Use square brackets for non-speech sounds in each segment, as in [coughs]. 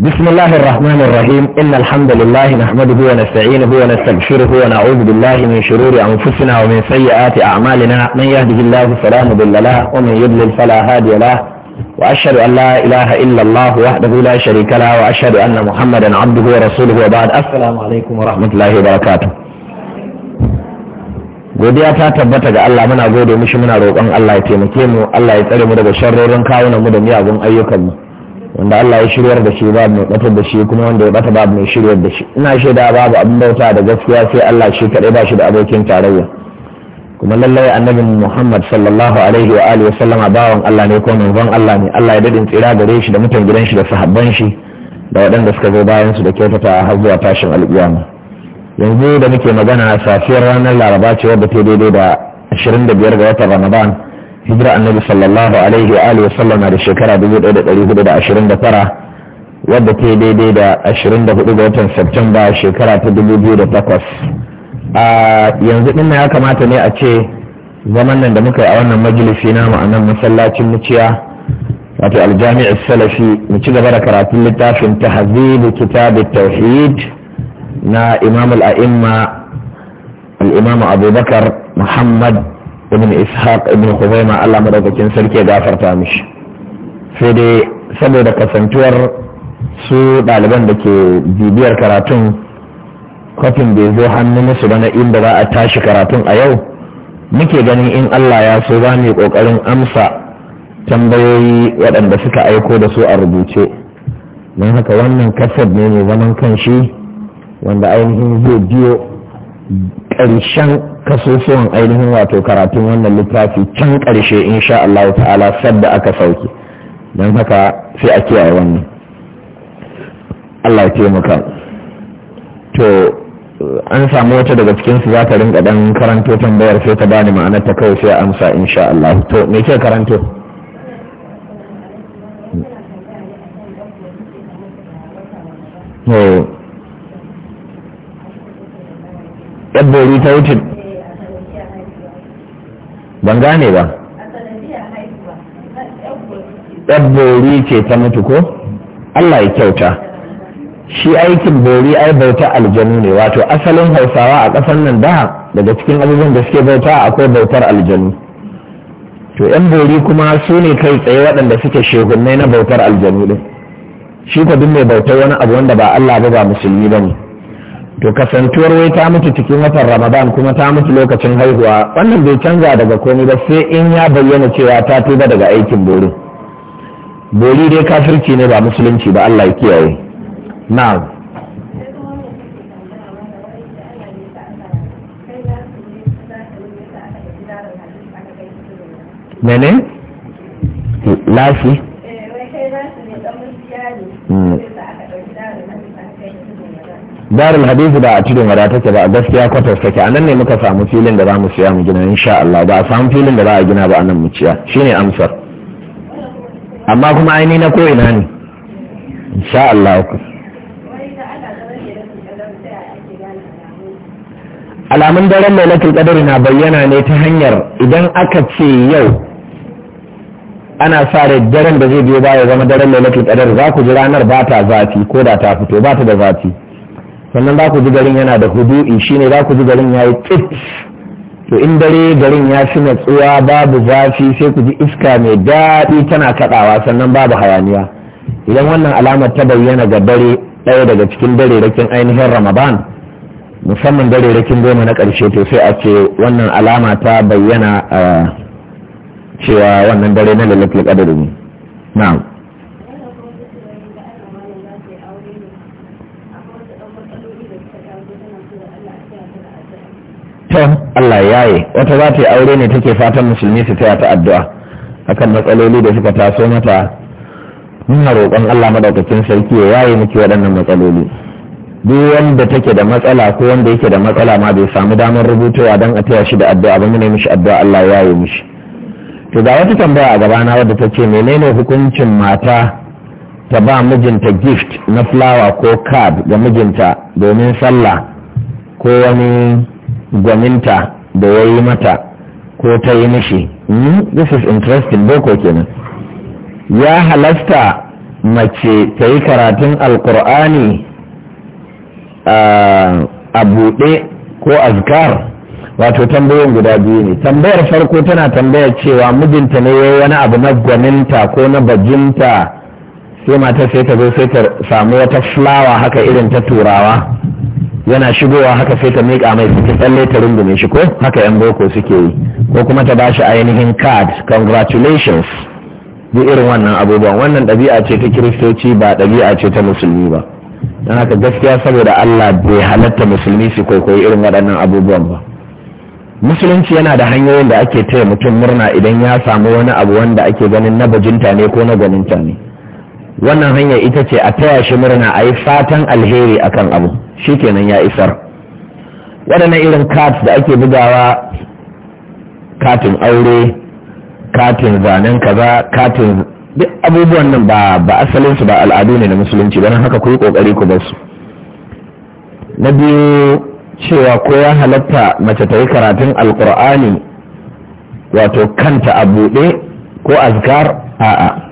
بسم الله الرحمن الرحيم إن الحمد لله نحمده ونستعينه ونستبشره ونعوذ بالله من شرور أنفسنا ومن سيئات أعمالنا من يهده الله فلا مضل له ومن يضلل فلا هادي له وأشهد أن لا إله إلا الله وحده لا شريك له وأشهد أن محمدا عبده ورسوله وبعد السلام عليكم ورحمة الله وبركاته godiya ta tabbata ga Allah muna gode mishi muna roƙon Allah ya taimake mu Allah ya tsare mu daga sharrorin kawunan mu da miyagun ayyukan mu wanda Allah ya shiryar da shi babu mai batar da shi kuma wanda ya bata babu mai shiryar da shi ina shaida babu abin bauta da gaskiya sai Allah shi kadai ba shi da abokin tarayya kuma lallai annabi Muhammad sallallahu alaihi wa alihi sallama bawan Allah ne ko manzon Allah ne Allah ya dadin tsira gare shi da mutan gidan shi da sahabban shi da waɗanda suka zo bayan su da kyautata har zuwa tashin alƙiyama yanzu da muke magana safiyar ranar laraba ce wadda ta daidai da 25 ga watan Ramadan hijira annabi sallallahu alaihi wa alihi wasallam na da shekara 1429 wadda ta daidai da 24 ga watan Septemba shekara ta 2008 a yanzu din ya kamata ne a ce zaman nan da muka yi a wannan majalisi na ma'anan masallacin muciya wato aljami'a salafi mu ci gaba da karatun littafin ta tahzibu kitab tauhid na imamul al-a'imma al-imam abubakar muhammad ibn ishaq ibn khuzaima Allah madaukakin sarki ya gafarta mishi sai dai saboda kasantuwar su ɗaliban da ke bibiyar karatun kwafin bai zo hannun su ba na inda za a tashi karatun a yau muke ganin in Allah ya so za mu kokarin amsa tambayoyi waɗanda suka aiko da su a rubuce don haka wannan kasar ne mai zaman kan shi wanda ainihin zai biyo ƙarshen kasusuwan ainihin wato karatun wannan littafi can ƙarshe insha Allah ta'ala sadda aka sauke don haka sai a kiyaye wannan Allah ya taimaka to an samu wata daga cikinsu za ta rinka dan karanto tambayar sai ta bani ma'anar ta kawai sai amsa insha Allah to me ke karanto Oh. yan bori ta wuce ban gane ba yan ce ta mutu ko Allah ya kyauta shi aikin bori ai bauta aljanu ne wato asalin hausawa a ƙasar nan da daga cikin abubuwan da suke bauta akwai bautar aljanu to yan bori kuma su ne kai tsaye waɗanda suke shehunnai na bautar aljanu ɗin shi ka duk mai bautar wani abu wanda ba Allah ba ba musulmi ba ne to kasantuwar wai ta mutu cikin watan ramadan kuma ta mutu lokacin haihuwa wannan bai canza daga komai ba sai in ya bayyana cewa ta tuba daga aikin bori bori dai kafirci ne ba musulunci ba allah ya kiyaye na mene lafi eh, darul hadisi ba a tudun wada take ba a gaskiya kwatas take a nan ne muka samu filin da za mu siya mu gina insha Allah ba a samu filin da za a gina ba a nan mu ciya shine amsar amma kuma aini na ko ina ne insha Allah ku alamun daren lailatul qadr na bayyana ne ta hanyar idan aka ce yau ana sa rai daren da zai biyo baya zama daren lailatul qadr za ku ji ranar ba ta zafi ko da ta fito ba ta da zafi sannan za ku ji garin yana da hudu'i shine za ku ji garin ya yi tsit to in dare garin ya fi natsuwa babu zafi sai ku ji iska mai daɗi tana kaɗawa sannan babu hayaniya idan wannan alamar ta bayyana ga dare ɗaya daga cikin dare rakin ainihin ramadan musamman dare rakin goma na ƙarshe to sai a ce wannan alama ta bayyana eh, cewa wannan dare na lalatul qadr ne na'am to Allah yaye wata za ta yi aure ne take fatan musulmi su taya ta addu'a akan matsaloli da suka taso mata muna roƙon Allah madaukakin sarki ya yaye miki waɗannan matsaloli duk wanda take da matsala ko wanda yake da matsala ma bai samu damar rubutowa don a taya shi da addu'a ba muna mishi addu'a Allah ya yaye mishi to ga wata tambaya a gabana wadda ta ce menene hukuncin mata ta ba mijinta gift na fulawa ko card ga mijinta domin sallah ko wani Gwaminta da ya yi mata ko ta yi mishi hmm? this is interesting boko kenan ya halasta mace ta yi karatun alkur'ani ah, a buɗe ko azkar wato tambayoyin guda biyu ne tambayar farko tana tambayar cewa mijinta ne ya wani abu na gwaminta ko na bajinta sai mata sai ta zo sai ta samu wata fulawa haka irin ta turawa yana shigowa haka sai ta miƙa mai suke tsalle ta rungume shi ko haka yan boko suke yi ko kuma ta bashi ainihin card congratulations duk irin wannan abubuwan wannan ɗabi'a ce ta kiristoci ba ɗabi'a ce ta musulmi ba don haka gaskiya saboda allah bai halatta musulmi su kwaikwayi irin waɗannan abubuwan ba musulunci yana da hanyoyin da ake taya mutum murna idan ya samu wani abu wanda ake ganin na bajinta ne ko na gwaninta ne wannan hanya ita ce a taya shi murna a yi fatan alheri a kan abu shikenan ya isar waɗannan irin cards da ake bugawa katin aure katin zanen kaza katin duk abubuwan nan ba ba asalin ba al'adu ne na musulunci ba haka ku yi kokari ku bar su na biyu cewa ko ya halatta mace ta yi karatun alkur'ani wato kanta a buɗe ko azkar a'a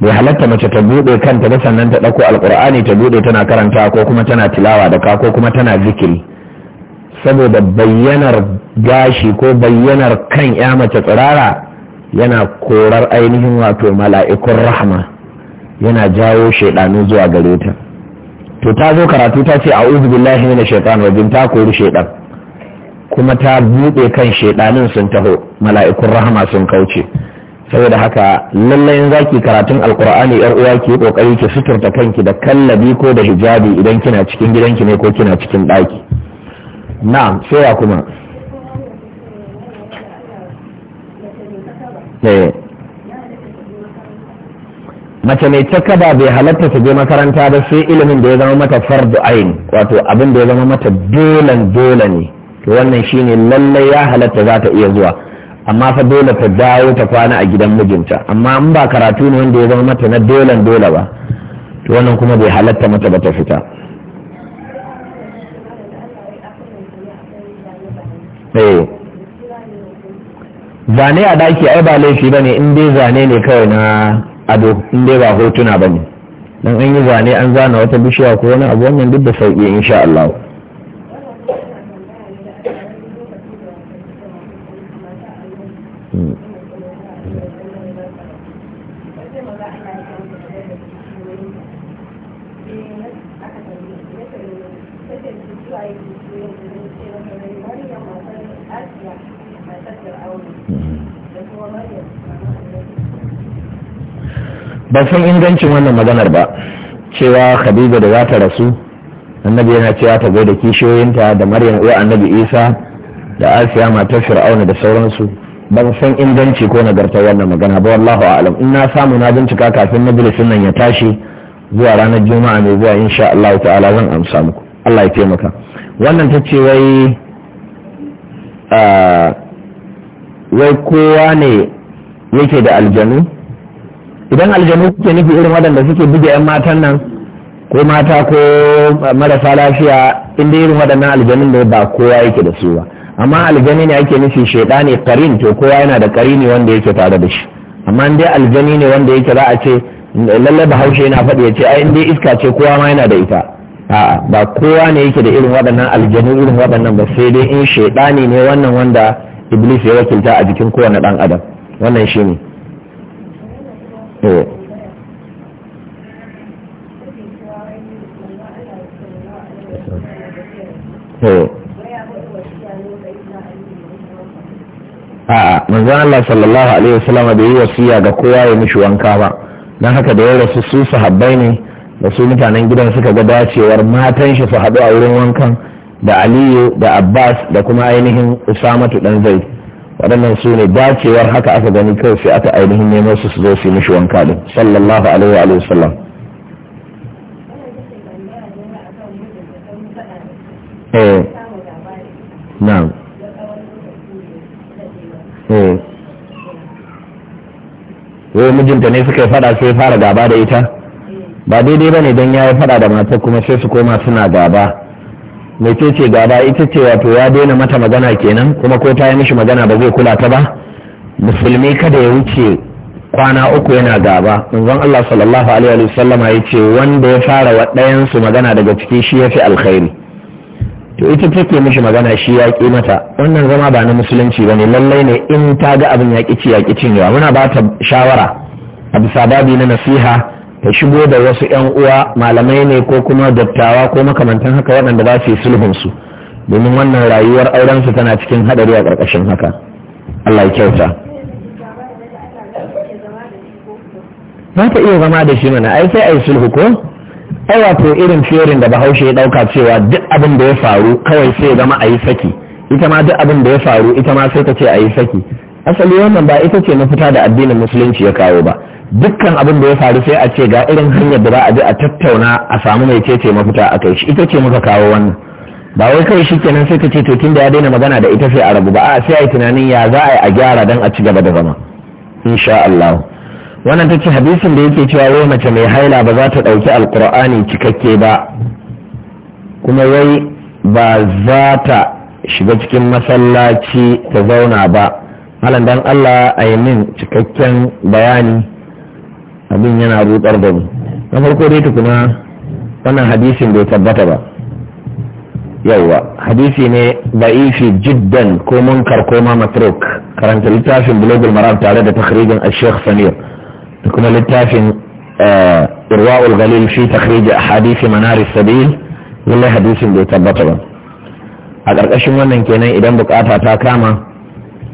bai halatta mace ta bude kanta ba sannan ta dauko alkur'ani ta bude tana karanta ko kuma tana tilawa da ka ko kuma tana zikiri saboda bayyanar gashi ko bayyanar kan ya mace tsirara yana korar ainihin wato mala'ikun rahama yana jawo shaidanu zuwa gare ta to ta zo karatu ta ce a'udhu billahi minash shaitan rajim ta kori shaidan kuma ta bude kan shaidanin sun taho mala'ikun rahama sun kauce saboda haka lallai za ki karatun alkur'ani yar uwa ki kokari ki suturta kanki da kallabi ko da hijabi idan kina cikin gidanki ne ko kina cikin ɗaki na'am sai ya kuma eh. mace mai takaba bai halatta ta je makaranta ba sai ilimin da ya zama mata fardu ain wato abin da ya zama mata dolan dole ne to wannan shine lallai ya halatta za ta iya zuwa amma fa dole ta dawo ta kwana a gidan mijinta amma in ba karatu ne wanda ya zama mata na dolan dole ba to wannan kuma bai halatta mata ba ta fita eh. zane a daki ai ba laifi ba ne in dai zane ne kawai na ado in dai ba hotuna ba ne don an yi zane an zana wata bishiya ko wani abu wannan duk da sauki insha Allah. ban ingancin wannan maganar ba cewa khadija da za ta rasu annabi yana cewa ta gaida kishiyoyinta da maryam uwa annabi isa da asiya matar fir'auna da sauransu ban san inganci ko nagartar wannan magana ba wallahu a'lam in na samu na bincika kafin majalisin nan ya tashi zuwa ranar juma'a mai zuwa insha Allah ta'ala zan amsa muku Allah ya taimaka wannan ta ce wai ah, wai kowa ne yake da aljanu idan aljanu kuke nufi irin waɗanda suke buge 'yan matan nan ko mata ko marasa lafiya inda irin waɗannan aljanun da ba kowa yake da su ba amma aljani ne ake nufi ne karin to kowa yana da ne wanda yake tare da shi amma dai aljani ne wanda yake za a ce lalle ba haushe yana faɗi ya ce ai dai iska ce kowa ma yana da ita a'a ba kowa ne yake da irin waɗannan aljanu irin waɗannan ba sai dai in shaidani ne wannan wanda iblis ya wakilta a jikin kowane ɗan adam wannan shi ne Oh. a'a manzo Allah sallallahu alaihi wasallam bai yi wasiya ga kowa ya mishi wanka ba dan haka da ya rasu su sahabbai ne da su mutanen gidan suka ga dacewar matan shi su haɗu a wurin wankan da aliyu da abbas da kuma ainihin usamatu dan zai waɗannan su ne dacewar haka aka gani kai sai aka ainihin neman su su zo su mishi wanka din sallallahu alaihi wa sallam eh na'am Hmm. wai mijinta ne suka yi fada sai fara gaba da ita ba daidai ba ne don ya yi fada da matar kuma sai su koma suna gaba mai ce gaba ita ce wato ya daina mata magana kenan kuma ko ta yi mishi magana ba zai kula ta ba musulmi kada ya wuce kwana uku yana gaba manzon Allah sallallahu alaihi wa sallama ya ce wanda ya fara wa ɗayansu magana daga ciki shi ya fi alkhairi to ita take mishi magana shi ya ƙi mata wannan zama ba na musulunci ba ne lallai ne in ta ga abin ya ci ya cinyewa muna ba ta shawara a bisa babi na nasiha ta shigo da wasu yan uwa malamai ne ko kuma dattawa ko makamantan haka waɗanda za su yi sulhun su domin wannan rayuwar auren su tana cikin haɗari a ƙarƙashin haka Allah ya kyauta ba ta iya zama da shi mana ai sai a yi sulhu ko ai wato irin ferin da bahaushe ya ɗauka cewa duk abin da ya faru kawai sai zama a yi saki ita ma duk abin da ya faru ita ma sai ta ce a yi saki asali wannan ba ita ce mafita da addinin musulunci ya kawo ba dukkan abin da ya faru sai a ce ga irin hanyar da za a bi a tattauna a samu mai cece mafita a kai shi ita ce muka kawo wannan ba wai kawai shi kenan sai ka ce to tun da ya daina magana da ita sai a rabu ba a sai a yi tunanin ya za a yi a gyara don a ci gaba da zama insha Allah wannan ta ce hadisin da yake cewa wai mace mai haila ba za ta ɗauki alkur'ani cikakke ba kuma wai ba za ta shiga cikin masallaci ta zauna ba halin dan allah a yi min cikakken bayani abin yana rutsar da mu na farko dai tukuna wannan hadisin bai tabbata ba yauwa hadisi ne ba'ifi jiddan ko munkar ko ma matruk karanta littafin bulogul marab tare da takhrijin a sheikh samir da kuma littafin eh, irwa'ul galil fi takhrij ahadith manar sabil lallai hadisin bai tabbata ba a ƙarƙashin wannan kenan idan bukata ta kama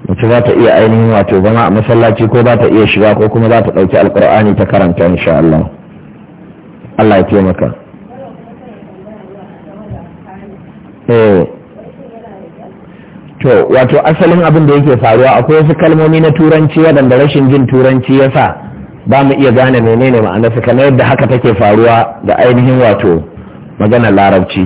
mace za ta iya ainihin wato zama a masallaci ko za ta iya shiga ko kuma za ta ɗauki alƙur'ani ta karanta insha Allah Allah ya taimaka eh. to wato asalin abin da yake faruwa akwai wasu kalmomi na turanci waɗanda rashin jin turanci ya sa ba mu iya gane menene ma'anarsa kamar yadda haka take faruwa da ainihin wato maganar larabci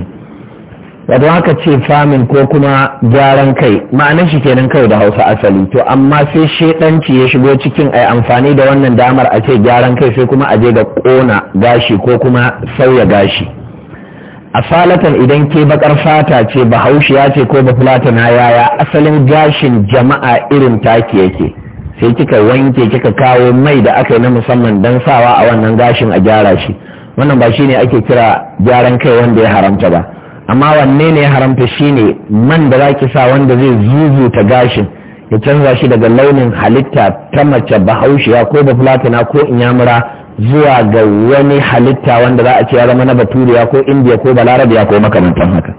wato haka ce famin ko kuma gyaran kai ma'anar shi kenan kai da hausa asali to amma sai shedanci ya shigo cikin ai amfani da wannan damar a ce gyaran kai sai kuma a je ga kona gashi ko kuma sauya gashi a asalatan idan ke bakar fata ce bahaushiya ce ko na yaya asalin gashin jama'a irin taki yake sai kika wanke kika kawo mai da aka yi na musamman don sawa a wannan gashin a gyara shi wannan ba shine ake kira gyaran kai wanda ya haramta ba amma wanne ne ya haramta shine man da zaki sa wanda zai zuzuta gashin ya canza shi daga launin halitta ta mace bahaushiya ko ba fulatina ko inyamura zuwa ga wani halitta wanda za a ce ya zama na baturiya ko indiya ko balarabiya ko makamantan haka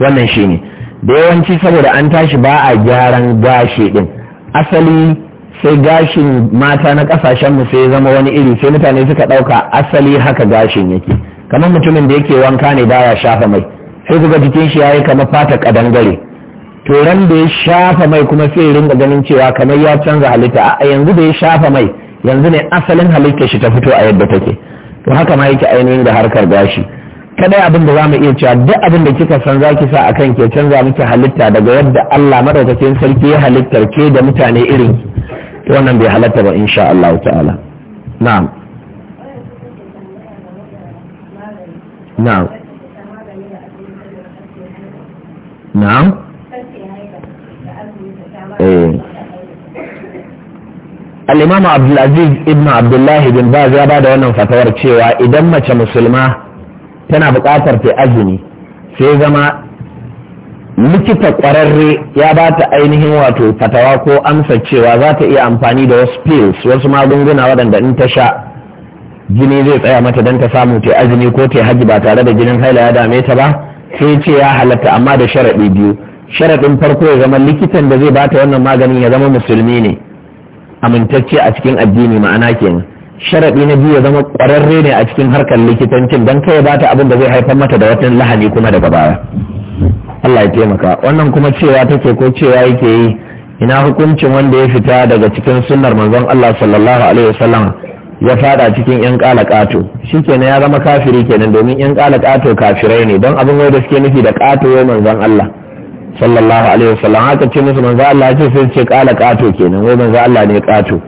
wannan shine da yawanci saboda an tashi ba a gyaran gashi din asali sai gashin mata na kasashen mu sai zama wani iri sai mutane suka ɗauka asali haka gashin yake kamar mutumin da yake wanka ne baya shafa mai sai kuga jikin shi yayi kamar fata kadangare to ran da ya shafa mai kuma sai ringa ganin cewa kamar ya canza halitta a yanzu da ya shafa mai yanzu ne asalin halitta shi ta fito a yadda take to haka ma yake ainihin da harkar gashi kada abin da zamu iya cewa duk abin da kika san zaki sa akan ke canza miki halitta daga yadda Allah madaukakin sarki ya halittar ke da mutane irin to wannan bai halatta ba insha Allah ta'ala na'am na'am al eh al'imamu abdulaziz ibn abdullahi bin baz ya bada wannan fatawar cewa idan mace musulma tana buƙatar ta azumi sai zama likita kwararre ya ba ta ainihin wato fatawa ko amsa cewa za ta iya amfani da wasu pills wasu magunguna waɗanda in ta sha jini zai tsaya mata don ta samu ta azumi ko ta haji ba tare da jinin haila ya dame ta ba sai ce ya halatta amma da sharaɗi biyu sharaɗin farko ya zama likitan da zai ba ta wannan maganin ya zama musulmi ne amintacce a cikin addini ma'ana kenan sharaɗi na biyu ya zama ƙwararre ne a cikin harkar likitancin don kai ba ta abin da zai haifar mata da wata lahani kuma daga baya Allah ya taimaka wannan kuma cewa take ko cewa yake yi ina hukuncin wanda ya fita daga cikin sunnar manzon Allah sallallahu alaihi wasallam ya fada cikin yan kala kato shikenan ya zama kafiri kenan domin yan kala kato kafirai ne don abin wai da suke nufi da kato wai manzon Allah sallallahu alaihi wasallam haka ce musu manzon Allah ya ce sai ce kato kenan wai manzon Allah ne kato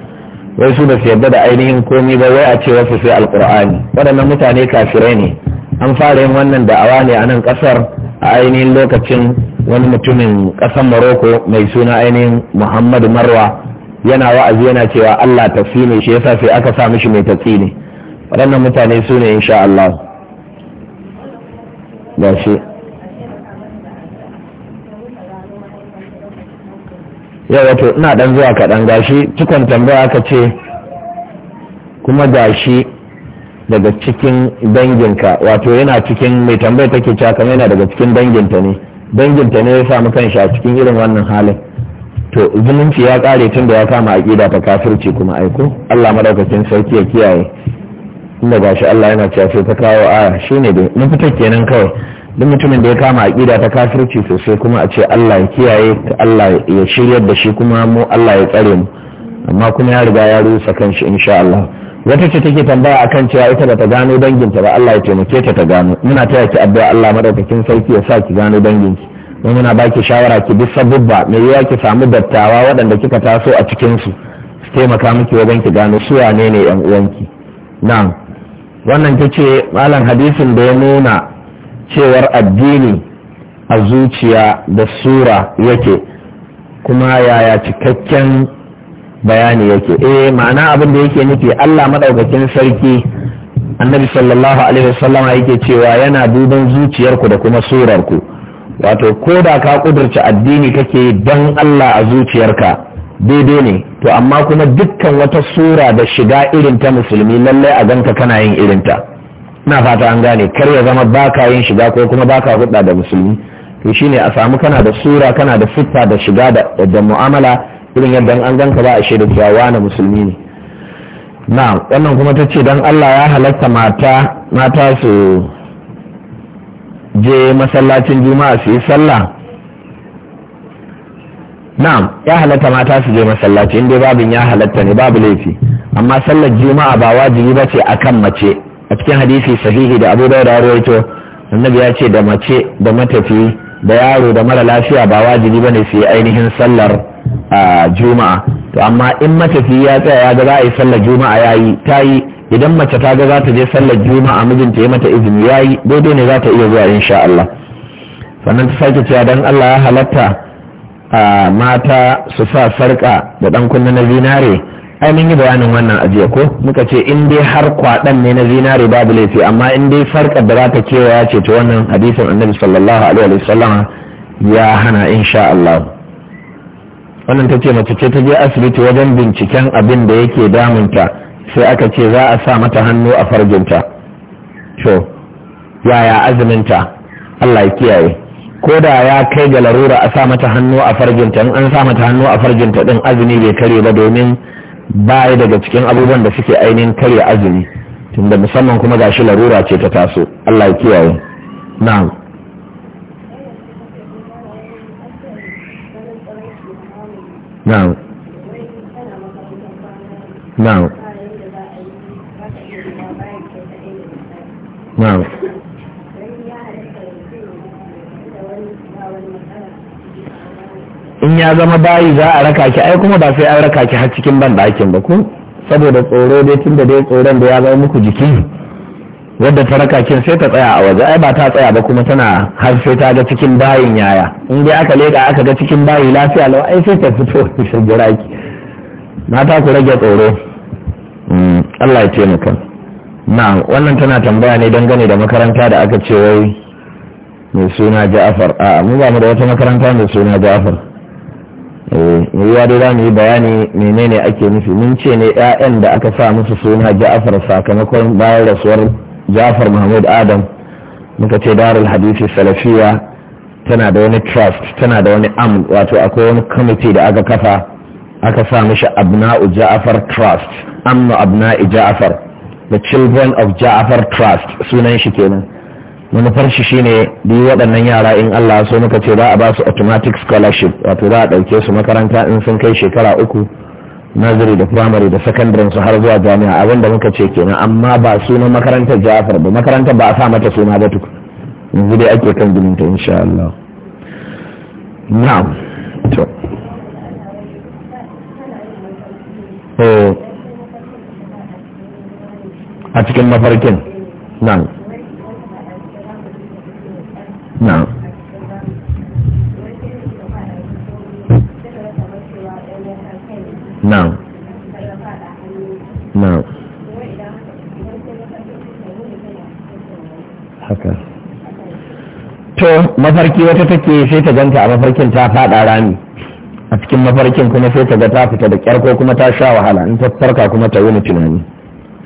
wai su da su yarda da ainihin komi ba wai a ce wasu sai alqur'ani waɗannan mutane kafirai ne an fara yin wannan da'awa ne a nan kasar a ainihin lokacin wani mutumin ƙasar maroko mai suna ainihin muhammadu marwa yana wa'azi yana cewa allah tafi ne shi yasa sai aka sa mishi mai tafi ne waɗannan mutane su ne insha allah da shi yau wato ina ɗan zuwa kaɗan gashi cikon tambaya aka ce kuma gashi daga cikin danginka wato yana cikin mai tambayar take cewa kamar yana daga cikin danginta ne danginta ne ya samu kanshi a cikin irin wannan halin to zumunci ya kare tun da ya kama aqida ta kafirci kuma aiko Allah madaukakin sarki ya kiyaye inda gashi Allah yana cewa sai ta kawo aya shine dai mun fita kenan kawai duk mutumin da ya kama aqida ta kafirci sosai kuma a ce Allah ya kiyaye Allah ya shiryar da shi kuma mu Allah ya tsare mu amma kuma ya riga ya rusa kanshi insha Allah wata ce take tambaya akan cewa ita ta gano danginta ba Allah ya taimake ta ta gano muna taya ki addu'a Allah madaukakin sarki ya sa ki gano danginki don muna baki shawara ki bi sabubba me yawa ki samu dattawa waɗanda kika taso a cikin su su taimaka miki wajen ki gano su wane ne yan uwanki na'am wannan ta malam hadisin da ya nuna cewar addini a zuciya da sura yake kuma yaya cikakken bayani yake eh ma'ana abin da yake nufi Allah madaukakin sarki annabi sallallahu alaihi wasallam yake cewa yana duban zuciyarku da kuma surarku wato ko da ka kudurci addini kake dan Allah a zuciyarka daidai ne to amma kuma dukkan wata sura da shiga irin ta musulmi lallai a ganka kana yin irin ta ina fata an gane kar ya zama baka yin shiga ko kuma baka hudda da musulmi to shine a samu kana da sura kana da siffa da shiga da mu'amala irin yadda an ganka ba a shaida cewa wani musulmi ne na wannan kuma ta ce don allah ya halatta mata mata su je masallacin juma'a su yi sallah na ya halatta mata su je masallaci inda babin ya halatta ne babu laifi amma sallar juma'a ba wajibi ba ce akan mace a cikin hadisi sahihi da abu da rawaito annabi ya ce da mace da matafi da yaro da mara lafiya ba wajibi ne su yi ainihin sallar a juma'a to amma in mace matafi ya tsaya ya ga za a yi sallar juma'a ya yi ta yi idan mace ta ga za ta je sallar juma'a mijinta ya mata izini ya yi daidai ne za ta iya zuwa insha Allah sannan ta sake cewa don Allah ya halatta mata su sa sarka da dan kunna na zinare ai mun yi bayanin wannan ajiya ko muka ce in dai har kwaɗan ne na zinare babu laifi amma in dai sarka da za ta kewaya ce ta wannan hadisin annabi sallallahu alaihi wasallam ya hana insha Allah wannan ta ce mace ce ta je asibiti wajen binciken abin da yake damunta sai aka ce za a sa mata hannu a farjinta to yaya azuminta allah ya kiyaye ko da ya kai ga larura a sa mata hannu a farjinta in an sa mata hannu a farjinta din azumi bai kare ba domin baya daga cikin abubuwan da suke ainihin kare azumi tunda musamman kuma gashi larura ce ta taso allah ya kiyaye na'am in ya zama bayi za a raka ki ai kuma ba sai an raka ki har cikin ban ɗakin ba ku saboda tsoro dai tun da dai tsoron da ya zama muku jiki wadda ta raka kin sai ta tsaya a waje ai ba ta tsaya ba kuma tana har sai ta ga cikin bayin yaya in dai aka leka aka ga cikin bayi lafiya lau ai sai ta fito [laughs] shigura ki mata ku rage tsoro mm, Allah ya taimaka na wannan tana tambaya ne dangane da makaranta da aka ce wai mai suna Ja'far a mu ba mu da wata makaranta mai suna Ja'far eh ruwa da za yi bayani menene ake nufi mun ce ne ƴaƴan da aka sa musu suna Ja'far sakamakon bayan rasuwar jafar mahmud adam muka ce darul hadisi salafiya tana da wani trust tana da wani am wato akwai wani committee da aka kafa aka sa mishi abna'u ja'afar trust amnu abna'i ja'afar the children of ja'afar trust sunan shi kenan manufar shi shine duk waɗannan yara in Allah so muka ce za a ba su automatic scholarship wato za a ɗauke su makaranta in sun kai shekara uku naziri da firamare da sakandaren su har zuwa jami'a abin da muka ce kenan amma ba sunan makarantar jafar ba makarantar ba a sa mata suna ba tukun yanzu dai ake kan ginin ta insha Allah na'am to eh. a cikin mafarkin na'am na'am na'am na'am haka to mafarki wata take sai ta ganta a mafarkin ta faɗa rami a cikin mafarkin kuma sai ta ga ta fita da kyar ko kuma ta sha wahala in ta farka kuma ta wuni tunani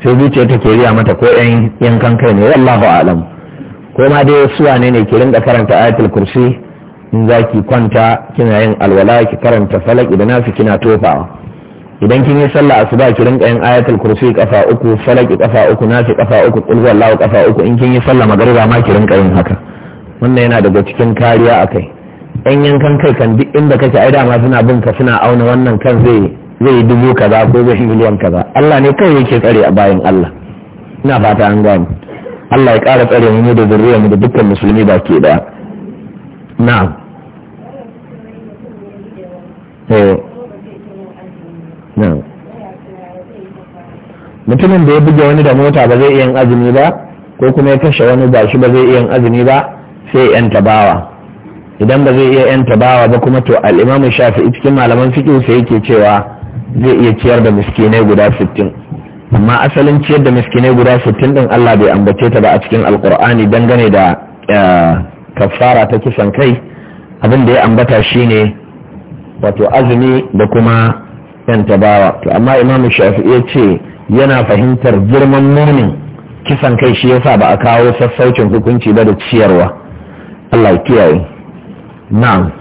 sai zuciya ta ke riya mata ko yan kai ne wallahu alam ko ma dai su wane ne ki rinka karanta ayatul kursi in za ki kwanta kina yin alwala ki karanta falak idan nasu kina tofawa idan kin yi sallah asuba ki rinka yin ayatul kursi kafa uku falaki kafa uku nafi kafa uku qul huwallahu kafa uku in kin yi sallah magariba ma ki rinka yin haka wannan yana daga cikin kariya akai yan yankan kai kan duk inda kake ai dama suna bin ka suna auna wannan kan zai zai yi dubu kaza ko zai miliyan kaza Allah ne kai yake tsare a bayan Allah ina fata an gane Allah ya kara tsare mu da zuriyar mu da dukkan musulmi ba ke da na'am eh mutumin da ya buge wani da mota ba zai iya yin azumi ba ko kuma ya kashe wani ba shi ba zai iya yin azumi ba sai ya yanta idan ba zai iya yanta bawa ba kuma to al'imamu shafi'i cikin malaman fiqh sai yake cewa zai iya ciyar da miskinai guda sittin amma asalin ciyar da miskinai guda sittin din Allah bai ambace ta ba a cikin alkur'ani dangane da eh, kafara ta kisan kai abin da ya ambata shine wato azumi da kuma yan tabawa to amma imam shafi'i ya ce yana fahimtar girman munin kisan kai shi yasa ba a kawo sassaucin hukunci ba da ciyarwa Allah ya kiyaye na'am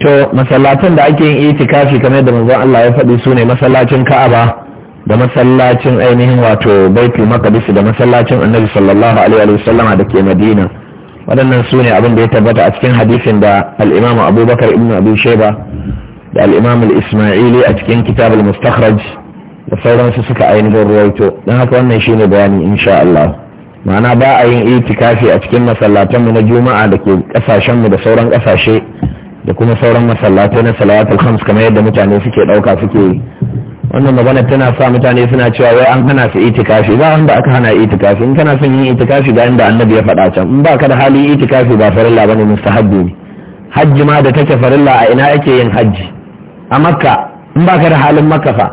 to masallatan da ake yin itikafi kamar da manzon Allah ya faɗi su ne masallacin Ka'aba da masallacin ainihin wato baitul maqdis da masallacin annabi sallallahu alaihi wa da ke madina waɗannan su ne abin da ya tabbata a cikin hadisin da al-imam abubakar ibn abi shaiba da al-imam al-isma'ili a cikin kitab al-mustakhraj da sauransu suka ainihin ruwaito dan haka wannan shine bayani insha Allah ma'ana ba a yin itikafi a cikin masallatanmu na juma'a da ke kasashenmu da sauran kasashe da kuma sauran masallatai na salawatul khams kamar yadda mutane suke ɗauka suke wannan magana tana sa mutane suna cewa wai an hana su itikafi ba wanda aka hana itikafi in kana son yin itikafi ga inda annabi ya faɗa can in ba ka da hali itikafi ba farilla bane mustahabbi ne hajji ma da take farilla a ina yake yin hajji a makka in ba ka da halin makka fa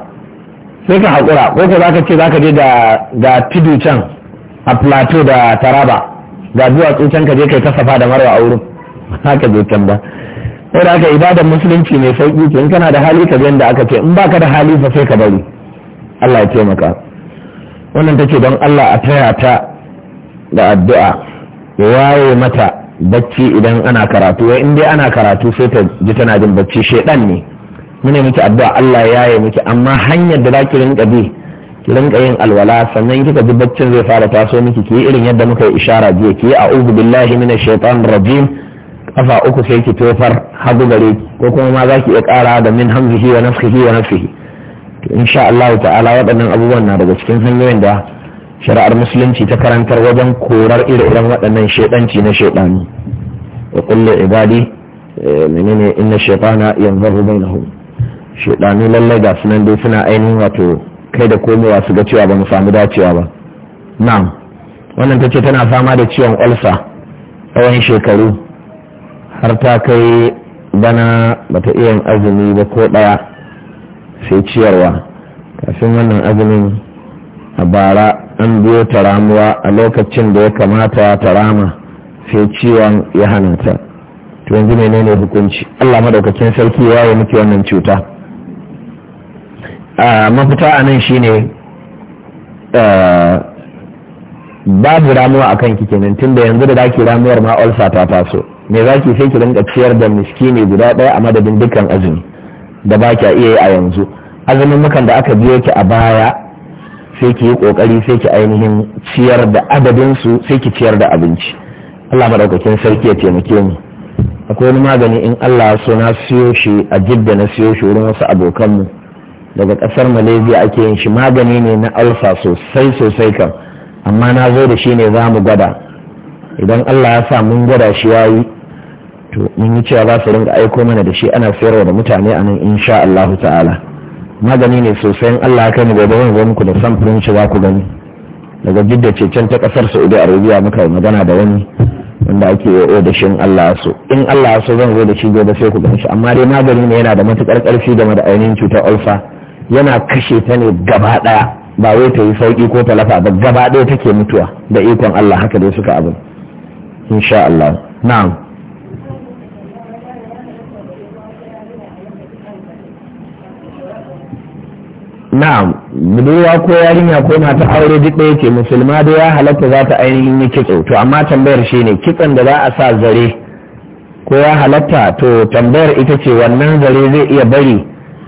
sai ka haƙura ko ka zaka ce zaka je ga tudu can a plateau da taraba ga duwatsu can ka je kai ta da marwa a wurin haka [laughs] je can ba sai da aka ibadan musulunci mai sauƙi ke in kana da hali ka da aka ce in baka da hali fa sai ka bari Allah ya taimaka wannan ta ce don Allah a taya ta da addu'a ya waye mata bacci idan ana karatu wai in dai ana karatu sai ta ji tana jin bacci shedan ne mune miki addu'a Allah ya yaye miki amma hanyar da zaki rinka bi ki rinka yin alwala sannan kika ji baccin zai fara taso miki ki irin yadda muka yi ishara jiya ki yi a'udhu billahi minash shaitanir rajim kafa uku sai ki tofar hagu gare ki ko kuma ma za ki iya ƙara da min hamzihi wa nafsihi wa nafsihi to insha Allah ta'ala waɗannan abubuwan na daga cikin hanyoyin da shari'ar musulunci ta karantar wajen korar ire-iren waɗannan shaidanci na shaidani wa kullu ibadi eh, menene inna shaytana yanzuru bainahum shaidani lalle ga sunan dai suna ainihin wato kai da komowa su ga cewa ba mu samu dacewa ba na'am wannan tace tana fama da ciwon ulsa tsawon shekaru har ta kai bana bata iya yin azumi ba ko ɗaya sai ciyarwa kafin wannan azumin a bara an biyo ta ramuwa a lokacin da ya kamata ta rama sai ciwon ya hana ta to yanzu menene hukunci allah madaukakin sarki waye muke wannan cuta mafita a nan shine babu ramuwa akan ki kenan tunda yanzu da dake ramuwar ma ulsa ta taso me za ki sai ki rinka ciyar da miskini guda ɗaya a madadin dukkan azumi da ba kya iya yi a yanzu azumin mukan da aka biyo ki a baya sai ki yi kokari sai ki ainihin ciyar da adadin su sai ki ciyar da abinci Allah madaukakin sarki ya taimake mu akwai wani magani in Allah so na siyo shi a jidda na siyo shi wurin wasu abokan mu daga kasar malaysia ake yin shi magani ne na alfa sosai sosai kan amma na zo da shi ne za mu gwada idan Allah ya sa mun gwada shi yayi to mun yi cewa za su ringa aiko mana da shi ana sayarwa da mutane a nan insha Allah ta'ala magani ne sosai in Allah kai mu gobe zan zo muku da samfurin shi za ku gani daga jidda ce can ta kasar Saudi Arabia muka yi magana da wani wanda ake yi da shi in Allah ya so in Allah ya so zan zo da shi gobe sai ku gani shi amma dai magani ne yana da matukar karfi game da ainihin cutar ulfa yana kashe ta ne gaba daya ba wai ta yi sauki ko talafa ba gaba daya take mutuwa da ikon Allah haka dai suka abin insha Allah na'am na'am budurwa ko yarinya ko mata aure duk ɗaya ce musulma da ya halatta za ta ainihin yi kitso to amma tambayar shi ne kitson da za a sa zare ko ya halatta to tambayar ita ce wannan zare zai iya bari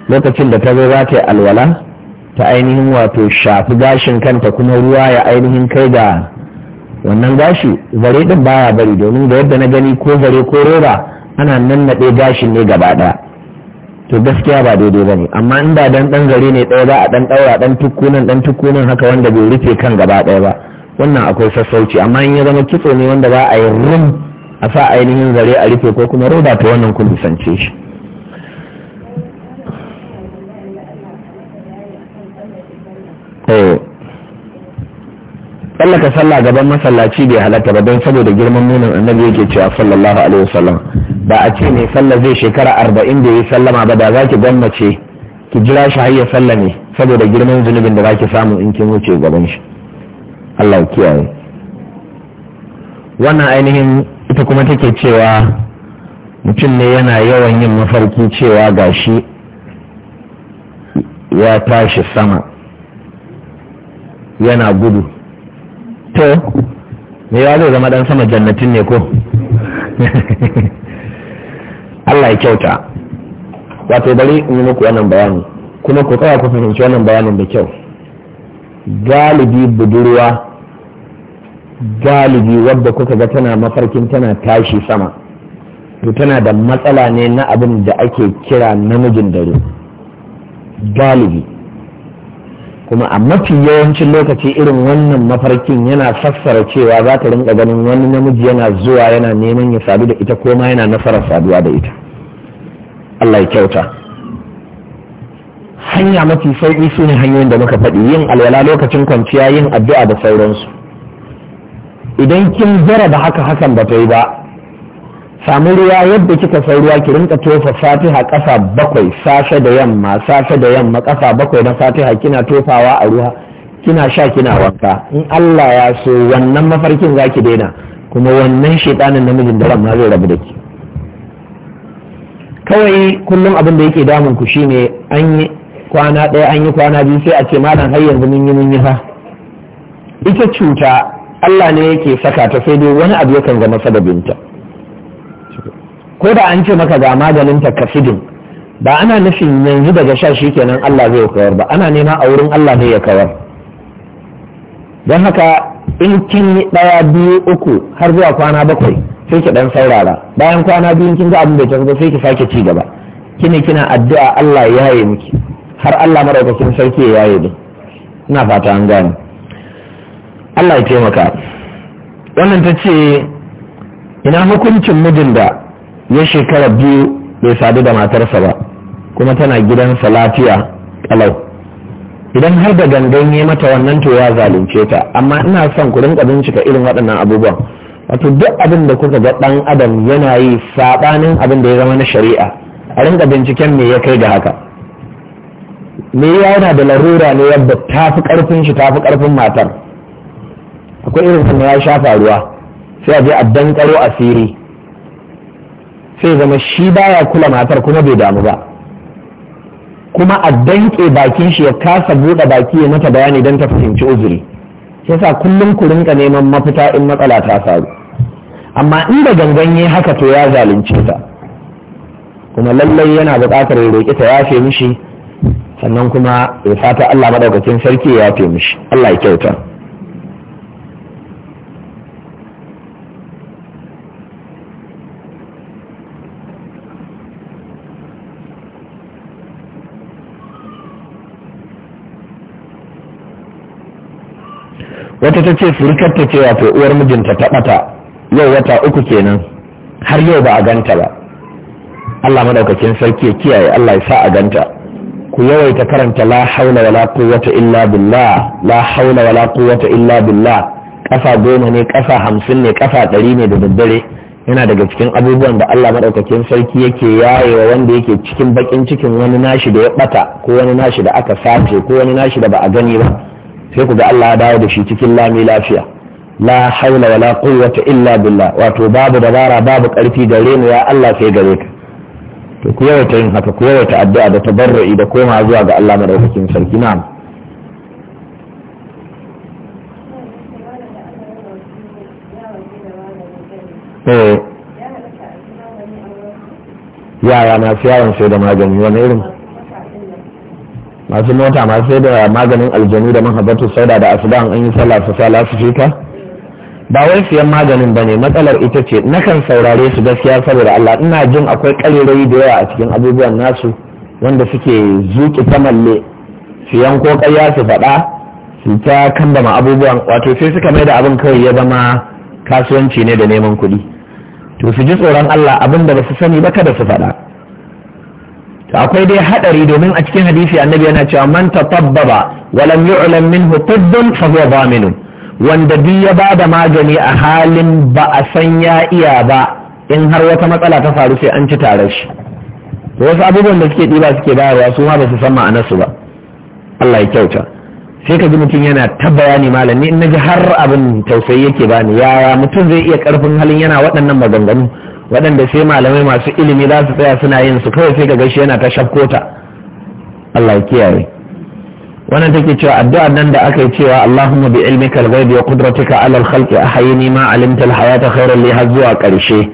lokacin da ta zo za ta yi alwala ta ainihin wato shafi gashin kanta kuma ruwa ya ainihin kai ga wannan gashi zare din baya bari domin da yadda na gani ko zare ko roba ana nannaɗe gashin ne gaba ɗaya to gaskiya ba daidai ba ne amma in da dan dan zare ne ɗaya za a dan ɗaura dan tukunan dan tukunan haka wanda bai rufe kan gaba ɗaya ba wannan akwai sassauci amma in ya zama kitso ne wanda za a yi rum a sa ainihin zare a rufe ko kuma roba ta wannan kun nisance shi eh. tsallaka sallah gaban masallaci bai halatta ba don saboda girman nunan annabi yake cewa sallallahu alaihi wasallam ba a ce mai sallah zai shekara arba'in da yi sallama ba da za ki gwammace ki jira shi har ya sallame saboda girman zunubin da za ki samu in kin wuce gaban shi Allah kiyaye wannan ainihin ita kuma take cewa mutum ne yana yawan yin mafarki cewa gashi ya tashi sama yana gudu to me ya zai zama dan sama jannatin ne ko Allah ya kyauta wato bari in yi muku wannan bayani kuma ku tsaya ku fahimci wannan bayanin da kyau galibi budurwa galibi wadda kuka ga tana mafarkin tana tashi sama to tana da matsala ne na abin da ake kira namijin dare galibi kuma a mafi yawancin lokaci irin wannan mafarkin yana fassara cewa za ta rinka ganin wani namiji yana zuwa yana neman ya sadu da ita ko ma yana nasarar saduwa da ita Allah ya kyauta hanya mafi sauƙi su ne hanyoyin da muka faɗi yin alwala lokacin kwanciya yin addu'a da sauransu idan kin zara da haka hakan ba ta yi ba samu ruwa yadda kika san ruwa ki rinka tofa fatiha kafa bakwai safe da yamma safe da yamma kafa bakwai na fatiha kina tofawa a ruwa kina sha kina wanka in Allah ya so wannan mafarkin zaki daina kuma wannan shaitanin namijin da ran ma zai rabu da ki kawai kullum abin da yake damun ku shine an yi kwana ɗaya an yi kwana biyu sai a ce malam har yanzu mun yi mun yi fa ita cuta Allah ne yake saka ta sai dai wani abu yakan zama sababinta ko da an ce maka ga maganin takafidin ba ana nufin yanzu daga sha shi kenan Allah zai kawar ba ana nema a wurin Allah ne ya kawar don haka in kin yi ɗaya biyu uku har zuwa kwana bakwai sai ki dan saurara bayan kwana biyu kin ga abin da kin sai ki sake ci gaba kine kina addu'a Allah ya yaye miki har Allah madaukakin sarki ya yaye din ina fata an gane Allah ya taimaka wannan ta ce ina hukuncin mijin da ya shekara biyu bai sadu da matarsa ba kuma tana gidan lafiya kalau idan har da gangan ya mata wannan to ya zalunce ta amma ina son ku rinka bincika irin waɗannan abubuwan wato duk abin da kuka ga ɗan adam yana yi saɓanin abin da ya zama na shari'a a rinka binciken me ya kai ga haka me yana da larura ne yadda ta fi ƙarfin shi ta fi ƙarfin matar akwai irin kuma ya sha faruwa sai a je a dankaro asiri sai zama shi baya kula matar kuma bai damu ba kuma a danƙe bakin shi ya kasa buɗe baki ya mata bayani don ta fahimci uzuri yasa kullum ku rinka neman mafita in matsala ta faru amma inda gangan haka to ya zalunce ta kuma lallai yana buƙatar ya roƙi ta yafe mishi sannan kuma ya fata Allah madaukakin sarki ya yafe mishi Allah ya kyauta wata ta ce surukar ta ce wato uwar mijinta ta bata yau wata uku kenan har yau ba a ganta ba Allah madaukakin sarki ya kiyaye Allah ya sa a ganta ku yawaita karanta la haula wala quwwata illa billah la haula wala quwwata illa billah kafa goma ne kafa hamsin ne kafa ɗari ne da daddare yana daga cikin abubuwan da Allah madaukakin sarki yake yayewa wanda yake cikin bakin cikin wani nashi da ya bata ko wani nashi da aka sace ko wani nashi da ba a gani ba sai ku ga Allah ya dawo da shi cikin lami lafiya la haula wala quwwata illa billah wato babu dabara babu karfi gare mu ya Allah sai gare ka to ku yawaita yin haka ku yawaita addu'a da tabarru'i da koma zuwa ga Allah madaukakin sarki na'am eh na fi yawan sai da magani wani irin masu mota masu sai da maganin aljanu da mahabbatu sauda da asuba an yi sallah su sa su fita ba wai siyan maganin bane matsalar ita ce na kan saurare su gaskiya saboda Allah ina jin akwai kalirai da yawa a cikin abubuwan nasu wanda suke zuki ta malle siyan ko ƙarya su faɗa su ta kambama abubuwan wato sai suka mai da abin kawai ya zama kasuwanci ne da neman kuɗi to su ji tsoron Allah abin da ba su sani ba kada su faɗa to akwai dai hadari domin a cikin hadisi annabi yana cewa man tatabbaba wa lam yu'lam minhu tibbun fa huwa wanda duk ya bada magani a halin ba a san ya iya ba in har wata matsala ta faru sai an ci tare shi wasu abubuwan da suke ɗiba suke bayarwa su ma ba su san ma'anarsu ba Allah ya kyauta sai ka ji mutum yana ta bayani malami in naji har abin tausayi yake bani yaya mutum zai iya karfin halin yana waɗannan maganganu waɗanda sai malamai masu ilimi za su tsaya suna yin su kawai sai ka gashi yana ta shafkota Allah ya kiyaye wannan take cewa addu'a nan da aka yi cewa Allahumma bi ilmika al-ghaibi wa qudratika ala al-khalqi ahyini ma alimta al-hayata khairan li har zuwa ƙarshe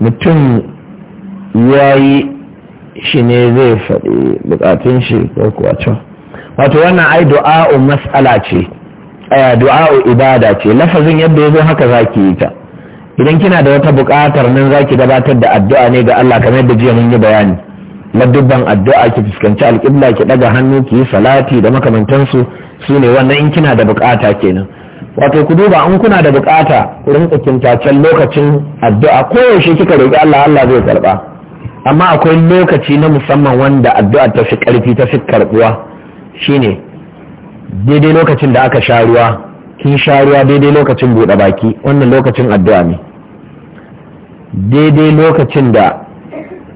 mutum yayi shi ne zai faɗi bukatun shi ko kuwa wato wannan ai du'a'u mas'ala ce eh, du'a'u ibada ce lafazin yadda ya zo haka zaki yi ta idan kina da wata bukatar nan za ki gabatar da addu'a ne ga Allah kamar yadda jiya mun yi bayani ladubban addu'a ki fuskanci alƙibla ki ɗaga hannu ki yi salati da makamantansu su ne wannan in kina da bukata kenan wato ku duba in kuna da buƙata ku rinka kintacen lokacin addu'a koyaushe kika roƙi Allah Allah zai karɓa amma akwai lokaci na musamman wanda addu'a ta fi ƙarfi ta fi karɓuwa shine daidai lokacin da aka sha ruwa kin sha ruwa daidai lokacin buɗe baki wannan lokacin addu'a ne daidai lokacin da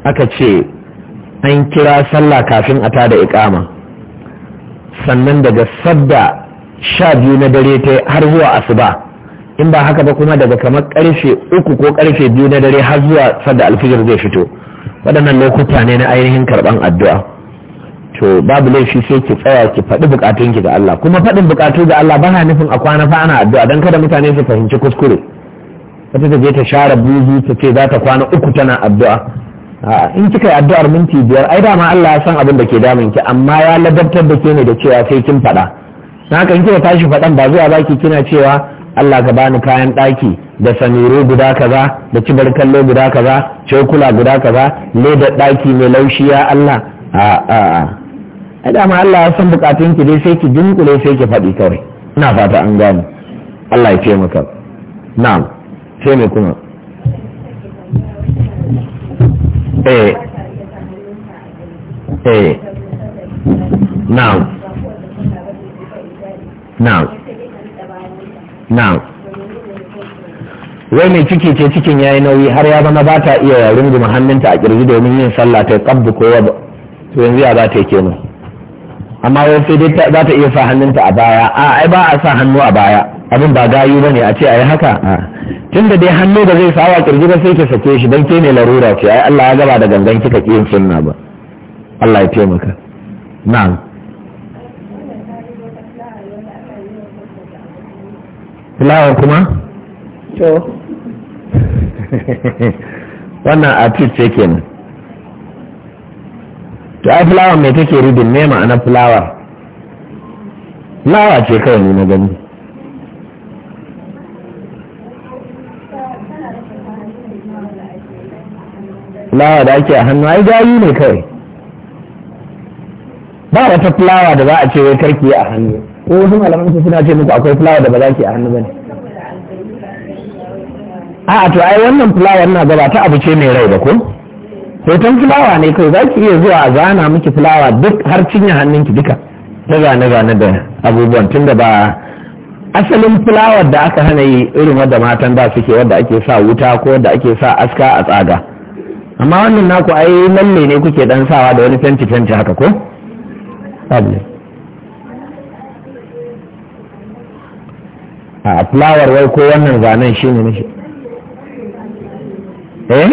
aka ce an kira sallah kafin a tada ikama sannan daga sabda sha biyu na dare ta har zuwa asuba in ba haka ba kuma daga kamar karfe uku ko karfe biyu na dare har zuwa sadda alfijir zai fito waɗannan lokuta ne na ainihin karɓan addu'a to babu laifi sai ki tsaya ki faɗi bukatunki ga Allah kuma faɗin bukatu ga Allah ba nufin a kwana fa ana addu'a don kada mutane su fahimci kuskure wata ta je ta share buzu ta ce za ta kwana uku tana addu'a in kika yi addu'ar minti biyar ai dama Allah ya san abin da ke damun ki amma ya ladabtar da ke ne da cewa sai kin faɗa na haka in kika tashi faɗan ba zuwa baki kina cewa Allah ka bani kayan ɗaki da samiru guda kaza da cibar kallo guda kaza cokula guda kaza ledar ɗaki mai laushi ya Allah a a a dama Allah ya san bukatun ki dai sai ki dinkule sai ki faɗi kawai ina fata an gane Allah ya ce maka na'am sai mai kuma eh eh now now now wai mai ciki ce cikin yayi nauyi har ya zama ba ta iya yarin guma hannunta a kirji domin yin sallah ta kabbu ko wa to yanzu ya za ta yi kenan amma wai sai dai za ta iya sa hannunta a baya a ai ba a sa hannu a baya abin ba gayu ba ne a ce a yi haka ah. tun da dai hannu da zai sawa kirji ba sai ki sake shi don ke ne larura ce ai Allah ya gaba da gangan kika ki yin sunna ba Allah ya taimaka na'am fulawa kuma to [laughs] wannan artist ce kenan to ai fulawa mai take rubin ne ma'ana fulawa fulawa ce kawai ne na gani fulawa da ake a hannu ai gayu ne kawai ba wata fulawa da za a ce wai karki a hannu ko wasu malaman su suna ce muku akwai fulawa da ba za ki a hannu bane a to ai wannan fulawar na gaba ta abu ce mai rai ba ko hoton fulawa ne kawai za ki iya zuwa a zana miki fulawa duk har cinye hannunki duka ta zane-zane da abubuwan tun da ba asalin fulawar da aka hana yi irin wadda matan da suke wadda ake sa wuta ko wadda ake sa aska a tsaga amma wannan naku ai lalle ne kuke dan sawa da wani fenti fenti haka ko lalle a fulawar wai ko wannan zanen shi ne nashi eh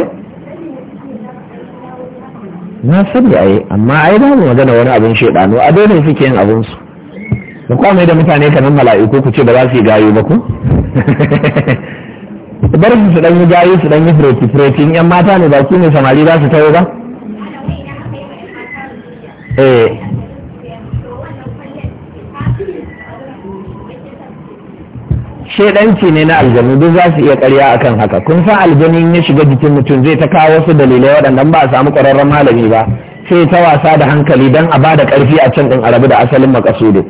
na san da ai amma ai ba mu magana wani abin shedano a dole suke yin abin su ku kwamai da mutane kanan mala'iku ku ce ba za su yi gayu ba ku [laughs] bar su su dan gayi su dan yi fureti yan mata ne baki ne samari za su tawo ba eh danci ne na aljanu duk za su iya karya kan haka kun san aljanin ya shiga jikin mutum zai ta kawo wasu dalilai waɗanda ba a samu ƙwararren malami ba sai ta wasa da hankali don a ba da ƙarfi a can ɗin arabu da asalin makasudu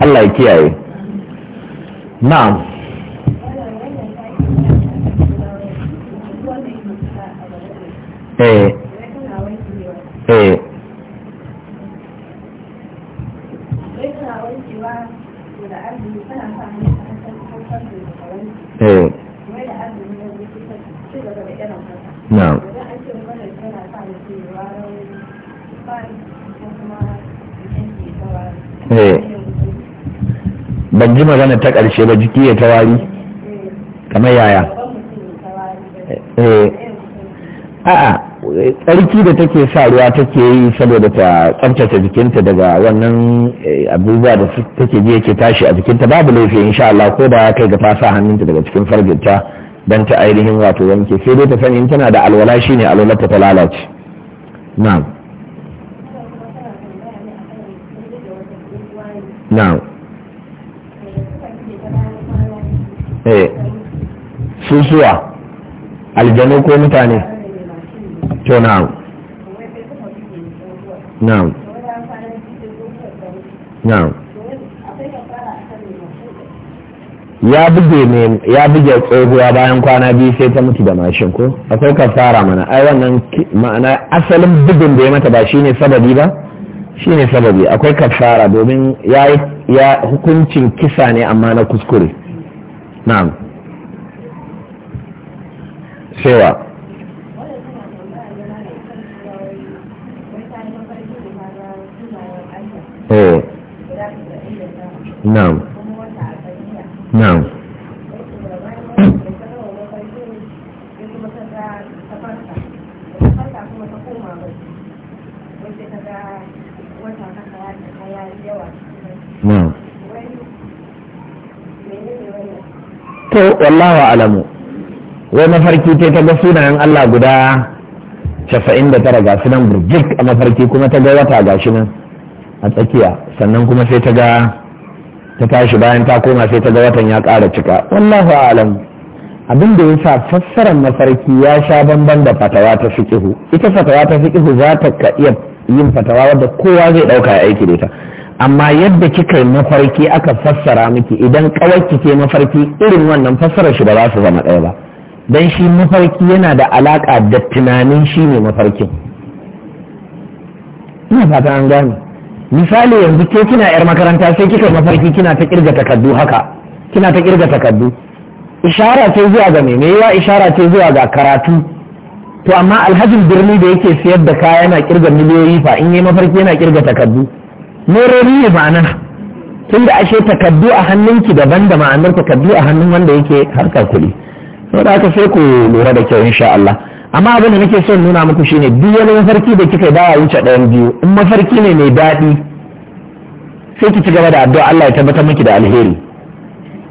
Allah ya kiyaye na'am Eh. Eh. Eh. eh ban ji magana ta ƙarshe ba jiki ya tawari kamar yaya a'a tsarki da take sa ruwa take yi saboda ta tsabtace jikinta daga wannan eh, abubuwa da take biya ke tashi a jikinta babu laifi insha Allah ko da kai ga fasa hannunta daga cikin farginta dan ta ainihin wato wanke sai dai ta sani in tana da alwala shi ne alwalarta ta lalace na'am na'am eh. susuwa aljanu ko mutane to na'am na'am na'am ya buge ne ya buge tsohuwa bayan kwana biyu sai ta mutu da mashin ko akwai kafara mana ai wannan ma'ana asalin bugun da ya mata ba shine sababi ba shine sababi akwai kafara domin ya ya hukuncin kisa ne amma na kuskure na'am cewa. eh na'am na'am to alamu wai mafarki ta ga sunayen Allah guda 99 ga sunan burjik a mafarki kuma ta ga wata ga shi nan a tsakiya sannan kuma sai ta ga ta tashi bayan ta koma sai ta ga watan ya ƙara cika wallahu alam abin da ya sa fassarar mafarki ya sha bamban da fatawa ta fiqihu ita fatawa ta fiqihu za ta ka iya yin fatawa wadda kowa zai ɗauka aiki da ita amma yadda kika yi mafarki aka fassara miki idan kawai ke mafarki irin wannan fassarar shi ba za su zama ɗaya ba dan shi mafarki yana da alaka da tunanin shi ne mafarkin ina fata an gane misali yanzu ke kina yar makaranta sai kika mafarki kina ta kirga takardu haka kina ta kirga takardu ishara ce zuwa ga me yawa ishara ce zuwa ga karatu to amma alhajin birni da yake siyar da kaya yana kirga miliyoyi fa in yayi mafarki yana kirga takardu merori ne ma'ana tun da ashe takardu a hannunki daban da ma'anar takardu a hannun wanda yake harkar kuɗi saboda haka sai ku lura da kyau insha Allah amma abin da nake son nuna muku shine duk wani mafarki da kika baya wuce ɗayan biyu in mafarki ne mai daɗi sai ki ci gaba da addu'a Allah ya tabbatar miki da alheri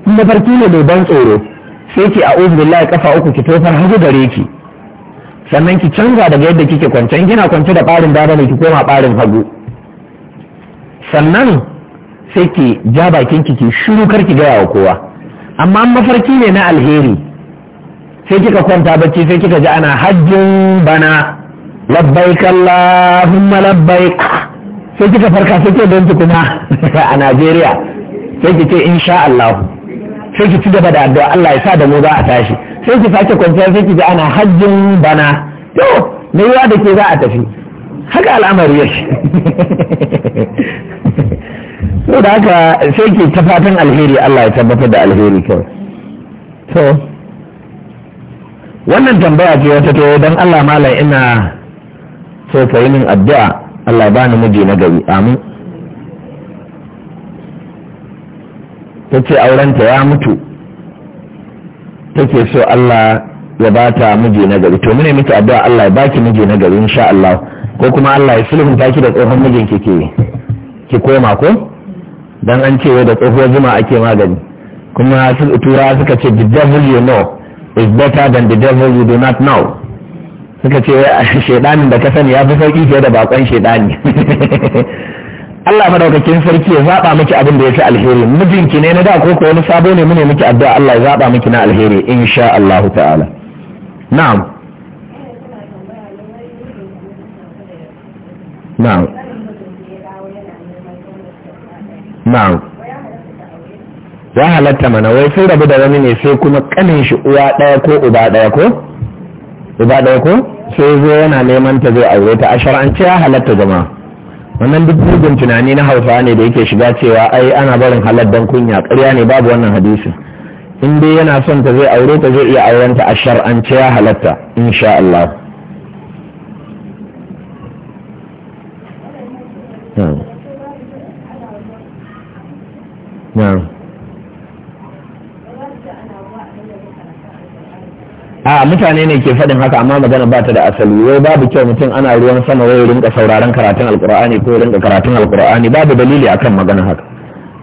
in mafarki ne mai ban tsoro sai ki a'udhu billahi kafa uku ki tofar hagu gare ki sannan ki canza daga yadda kike kwance in kina kwance da ɓarin dama ne ki koma ɓarin hagu sannan sai ki ja bakin ki ki shiru kar ki gaya wa kowa amma mafarki ne na alheri sai kika kwanta bacci sai kika ji ana hajjin bana labbaik Allahumma labbai sai kika farka sai kika don kuma [laughs] a Najeriya sai ki ce insha Allah sai ki ci gaba da addu'a Allah ya sa da mu za a tashi sai ki sake kwanciya sai ki ji ana hajjin bana to me yawa da ke za a tafi haka al'amari shi [laughs] so da haka sai ki tafatan fatan alheri Allah ya tabbatar da alheri kawai to wannan tambaya ce wata ta don Allah malam ina so ka yi min addu'a Allah ba ni miji na gari amin ta ce aurenta ya mutu ta ke so Allah ya ba ta miji na gari to mune miki addu'a Allah ya baki miji na gari insha Allah ko kuma Allah ya sulhunta ki da tsohon mijin ki ke ki koma ko dan an ce da tsohuwar zuma ake magani kuma tura suka ce the devil you know is better than the devil you do not know suka ce shaidanin da ka sani ya fi sauki fiye da bakon shaidani [laughs] Allah madaukakin sarki ya zaba miki abin da ya fi alheri mijinki ne na da ko ko wani sabo ne mune miki addu'a Allah ya zaba miki na alheri insha Allah ta'ala na'am na'am na'am ya halatta mana wai sun rabu da wani ne sai kuma kanin shi uwa ɗaya ko uba ɗaya ko uba ɗaya ko sai zo yana neman ta zai aure ta an ce ya halatta jama'a wannan duk bugun tunani na hausa ne da yake shiga cewa ai ana barin halar dan kunya ƙarya ne babu wannan hadisi in dai yana son ta zai aure ta zai iya auren ta an ce ya halatta insha Allah a mutane ne ke faɗin haka amma magana ba ta da asali wai babu kyau mutum ana ruwan sama wai rinka sauraron karatun alkur'ani ko rinka karatun alkur'ani babu dalili akan magana haka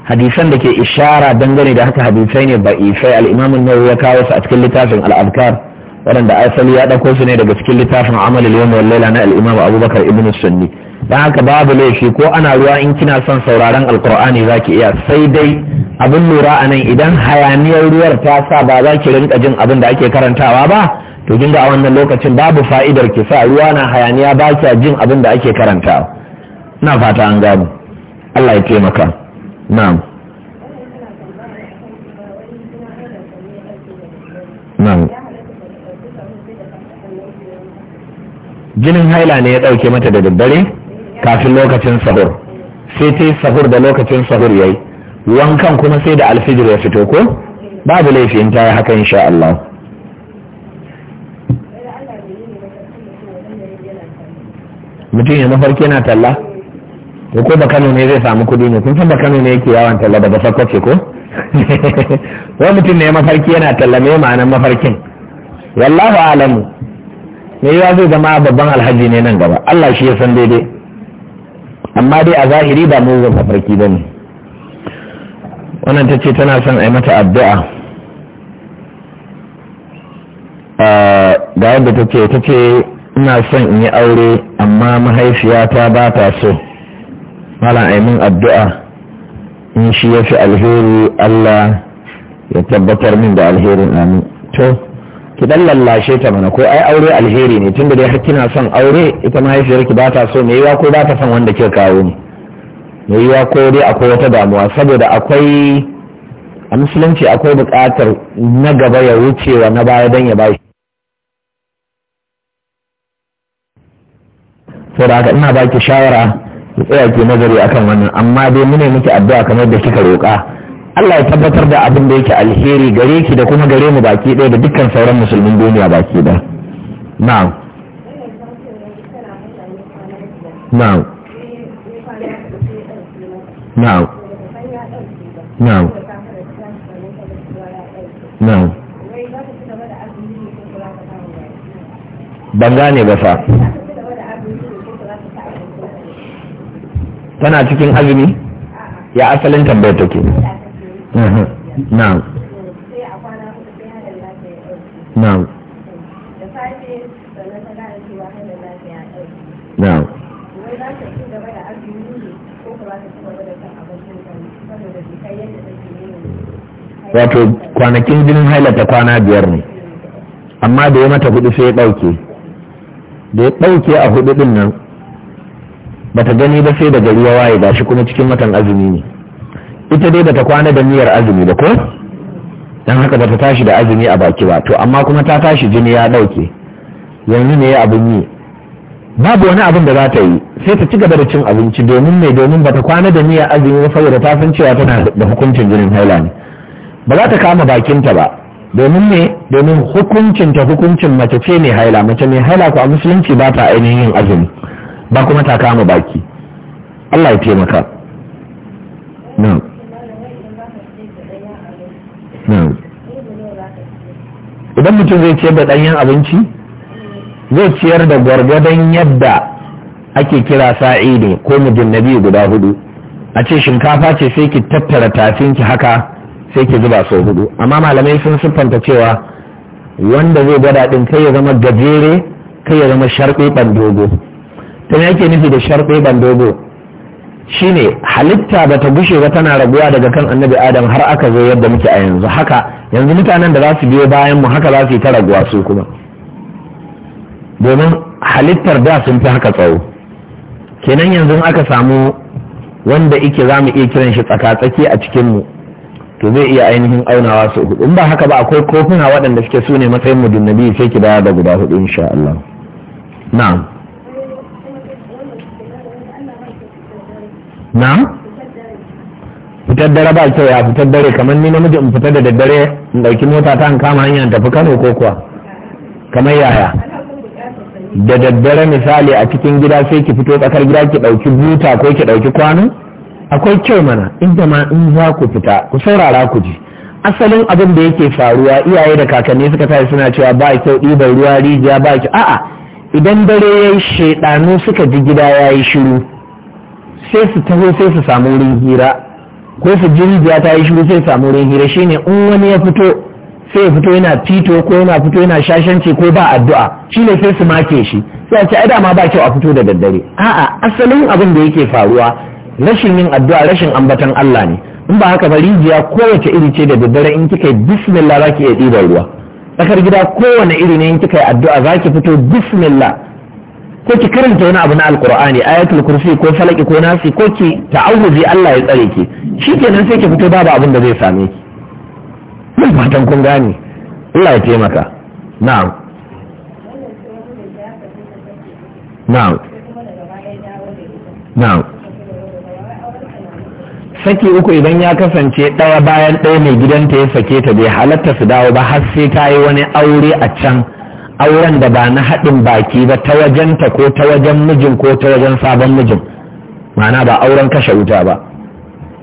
hadisan da ke ishara dangane da haka hadisai ne ba isai al'imamin nawawi ya kawo su a cikin littafin al'adkar waɗanda asali ya ɗauko su ne daga cikin littafin amalil yawm wal laila na al'imamu abubakar ibn sunni don haka babu laifi ko ana ruwa in kina son sauraron alkur'ani za ki iya sai dai abin lura a nan idan hayaniyar ruwar ta sa ba za ki rinka jin abin da ake karantawa ba to kin ga a wannan lokacin babu fa'idar ki sa ruwa na hayaniya ba kya jin abin da ake karantawa na fata an gano Allah ya taimaka na'am na'am jinin haila ne ya ɗauke mata da daddare kafin lokacin sahur sai ta yi sahur da lokacin sahur ya yi wankan kuma sai da alfijir ya fito ko babu laifin ta yi haka insha Allah mutum ya mafarki na talla ko ko bakano ne zai samu kudi ne kun san bakano ne yake yawan talla daga sakwace ko [laughs] wani mutum ne mafarki yana talla me ma'anan mafarkin wallahu alamu me wa zai zama babban alhaji ne nan gaba Allah shi ya san daidai amma dai a zahiri ba mu zama farki ba ne wannan ta ce tana son a mata addu'a ga yadda ta ce ta ce ina son in yi aure amma mahaifiyata ba ta so malam min addu'a in shi ya fi alheri allah ya tabbatar min da alherin amin to ki dan lallashe ta mana ko ai aure alheri ne tunda dai har kina son aure ita mahaifiyar ki bata so me yiwa ko bata son wanda ke kawo ni me yiwa ko dai akwai wata damuwa saboda akwai a musulunci akwai bukatar na gaba ya wucewa na baya dan ya bashi saboda haka ina baki shawara ki tsaya ki nazari akan wannan amma dai mune miki addu'a kamar da kika roƙa Allah ya tabbatar da abin da yake alheri gare ki da kuma gare mu baki ɗaya da dukkan sauran musulmin duniya baki ɗaya na'am na'am na'am na'am na'am ban gane ba fa tana cikin azumi ya asalin tambayar take wato kwanakin jinin hailata kwana biyar ne amma da ya mata hudu sai ya ɗauke da ya ɗauke a hudu ɗin nan ta gani ba sai da gari ya waye shi kuma cikin watan azumi ne ita dai bata kwana da niyyar azumi ba ko dan haka bata tashi da azumi a baki ba to amma kuma ta tashi jini ya dauke yanzu ne abin yi babu wani abin da za ta yi sai ta ci gaba da cin abinci domin mai domin bata kwana da niyyar azumi ba saboda ta san cewa tana da hukuncin jinin haila ne ba za ta kama bakinta ba domin ne domin hukuncin ta hukuncin mace ce mai haila mace mai haila ko a musulunci ba ta ainihin yin azumi ba kuma ta kama baki Allah ya taimaka. No. Hmm. idan mutum zai ciyar da ɗanyen abinci zai ciyar da gwargwadon yadda ake kira sa'i ne ko biyu guda hudu a ce shinkafa ce sai ki tattara ki haka sai ki zuba sau hudu amma malamai sun siffanta cewa wanda zai gwada din kai ya zama gajere kai ya zama sharɓe dogo ta yake nufi da sharɓe dogo shine halitta ba ta gushe ba tana raguwa daga kan annabi adam har aka zo yadda muke a yanzu haka yanzu mutanen da za su biyo bayan mu haka za su yi ta raguwa su kuma domin halittar da sun fi haka tsawo kenan yanzu aka samu wanda ike za mu iya kiran shi tsakatsaki tsaki a cikinmu to zai iya ainihin aunawa su hudu in ba haka ba akwai kofuna waɗanda suke su ne matsayin mu dinnabi sai ki da guda hudu insha Allah na'am na fitar dare ba kyau ya fitar dare kamar ni namiji in fitar da daddare in ɗauki mota ta in kama hanya tafi kano ko kuwa kamar yaya da daddare misali a cikin gida sai ki fito tsakar gida ki ɗauki buta ko ki ɗauki kwano akwai kyau mana inda ma in za ku fita ku saurara ku ji asalin abin da yake faruwa iyaye da kakanni suka tashi suna cewa ba kyau ɗiban ruwa rijiya ba kyau a'a idan dare ya yi shaidanu suka ji gida ya yi shiru sai su taho sai su samu wurin hira ko su jirgiya ta yi shiru sai samu wurin hira shine in wani ya fito sai ya fito yana fito ko yana fito yana shashanci ko ba addu'a Shi ne sai su make shi sai a ce ai dama ba kyau a fito da daddare a'a asalin abin da yake faruwa rashin yin addu'a rashin ambatan Allah ne in ba haka ba rijiya kowace iri ce da daddare in kika yi bismillah za iya ɗiban ruwa tsakar gida kowane iri ne in kika yi addu'a zaki fito bismillah ko ki karanta wani abu na alkur'ani ayatul kursi ko falaki ko nasi ko ki ta'awuzi Allah ya tsare ki shikenan sai ki fito babu abin da zai same ki mun fatan kun gane Allah ya taimaka na'am na'am na'am saki uku idan ya kasance ɗaya bayan ɗaya mai gidanta ya sake ta bai halatta su dawo ba har sai ta yi wani aure a can auren da ba na haɗin baki ba ta wajenta ko ta wajen mijin ko ta wajen sabon mijin ma'ana ba auren kashe wuta ba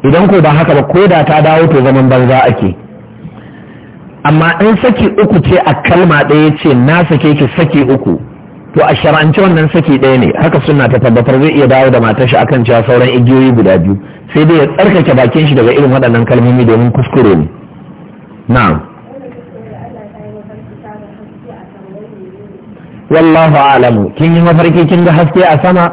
idan ko ba haka ba ko da ta dawo to zaman banza ake amma in saki uku ce a kalma ɗaya ce na sake ki saki uku to a shara'ance wannan saki ɗaya ne haka suna ta tabbatar zai iya dawo da matar shi akan cewa sauran igiyoyi guda biyu sai dai ya tsarkake bakin shi daga irin waɗannan kalmomi domin kuskure ne na'am wallahu alamu kin yi mafarki kin ga haske a sama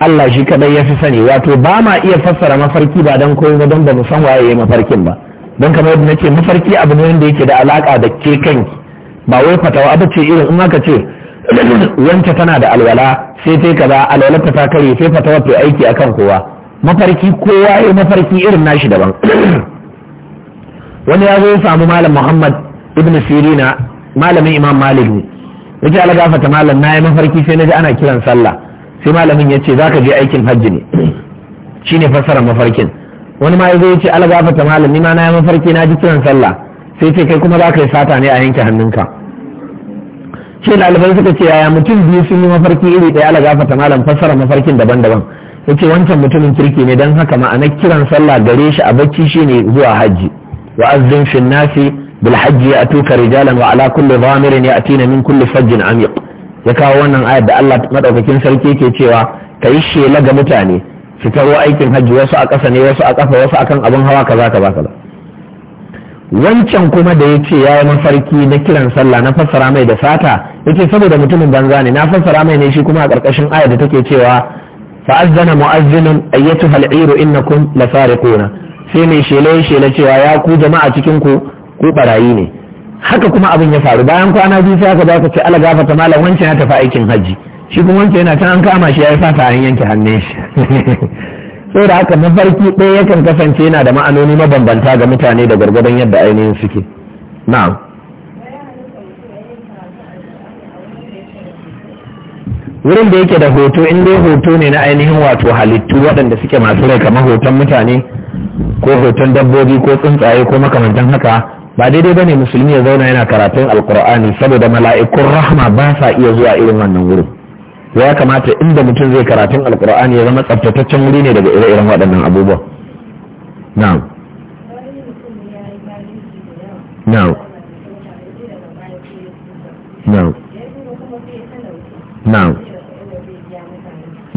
Allah shi kadai ya fi sani wato ba ma iya fassara mafarki ba dan koyo don ba mu san waye ya mafarkin ba don kamar yadda nace mafarki abu ne wanda yake da alaka da ke kanki ba wai fatawa ba ce irin in aka ce [coughs] wance tana da alwala sai ta kaza alwalarta ta kare sai fatawa ta aiki akan kowa mafarki kowa ya mafarki irin nashi daban [coughs] wani ya zo ya samu malam muhammad ibn sirina malamin imam malik yace ala gafata malam na yi mafarki sai na ji ana kiran sallah sai malamin ya ce za ka je aikin hajji ne ne fassara mafarkin wani ma yazo yace ala gafata malam nima na yi mafarki na ji kiran sallah sai ce kai kuma za ka yi sata ne a yanke hannunka shi ɗaliban suka ce yaya mutum biyu sun yi mafarki iri ɗaya ala gafata malam fassara mafarkin daban-daban yace wancan mutumin kirki ne don haka ma'anar kiran sallah gare shi a bacci ne zuwa hajji wa'azin azzin nasi بالحج يأتوك رجالا وعلى كل ضامر يأتين من كل فج عميق ya kawo wannan ayar da Allah madaukakin sarki ke cewa ka yi shela ga mutane fitarwa aikin hajji wasu a ƙasa ne wasu a ƙafa wasu akan abin hawa kaza kaza wancan kuma da ya ce ya yi mafarki na kiran sallah na fassara mai da sata ya ce saboda mutumin banza ne na fassara mai ne shi kuma a ƙarƙashin aya da take cewa fa'azzana mu'azzinun ayyatu hal'iru innakum lasariquna sai mai shela ya shela cewa ya ku jama'a cikin ku ko barayi ne haka kuma abin ya faru bayan kwana biyu sai aka baka ce ala gafata malam wancan ya tafi aikin hajji shi kuma wancan yana tan an kama shi ya fata an yanke hannun shi [laughs] saboda haka mafarki ɗaya yakan kasance yana da ma'anoni mabambanta ga mutane da gwargwadon yadda ainihin suke na'am wurin da yake da hoto in dai hoto ne na ainihin wato halittu waɗanda suke masu rai kamar hoton mutane ko hoton dabbobi ko tsuntsaye ko makamantan haka ba daidai bane musulmi ya zauna yana karatun alkur'ani saboda mala'ikun rahma ba sa iya zuwa irin wannan wurin ya kamata inda mutum zai karatun alkur'ani ya zama tsaftataccen wuri ne daga ire-iren waɗannan na na'am na'am na'am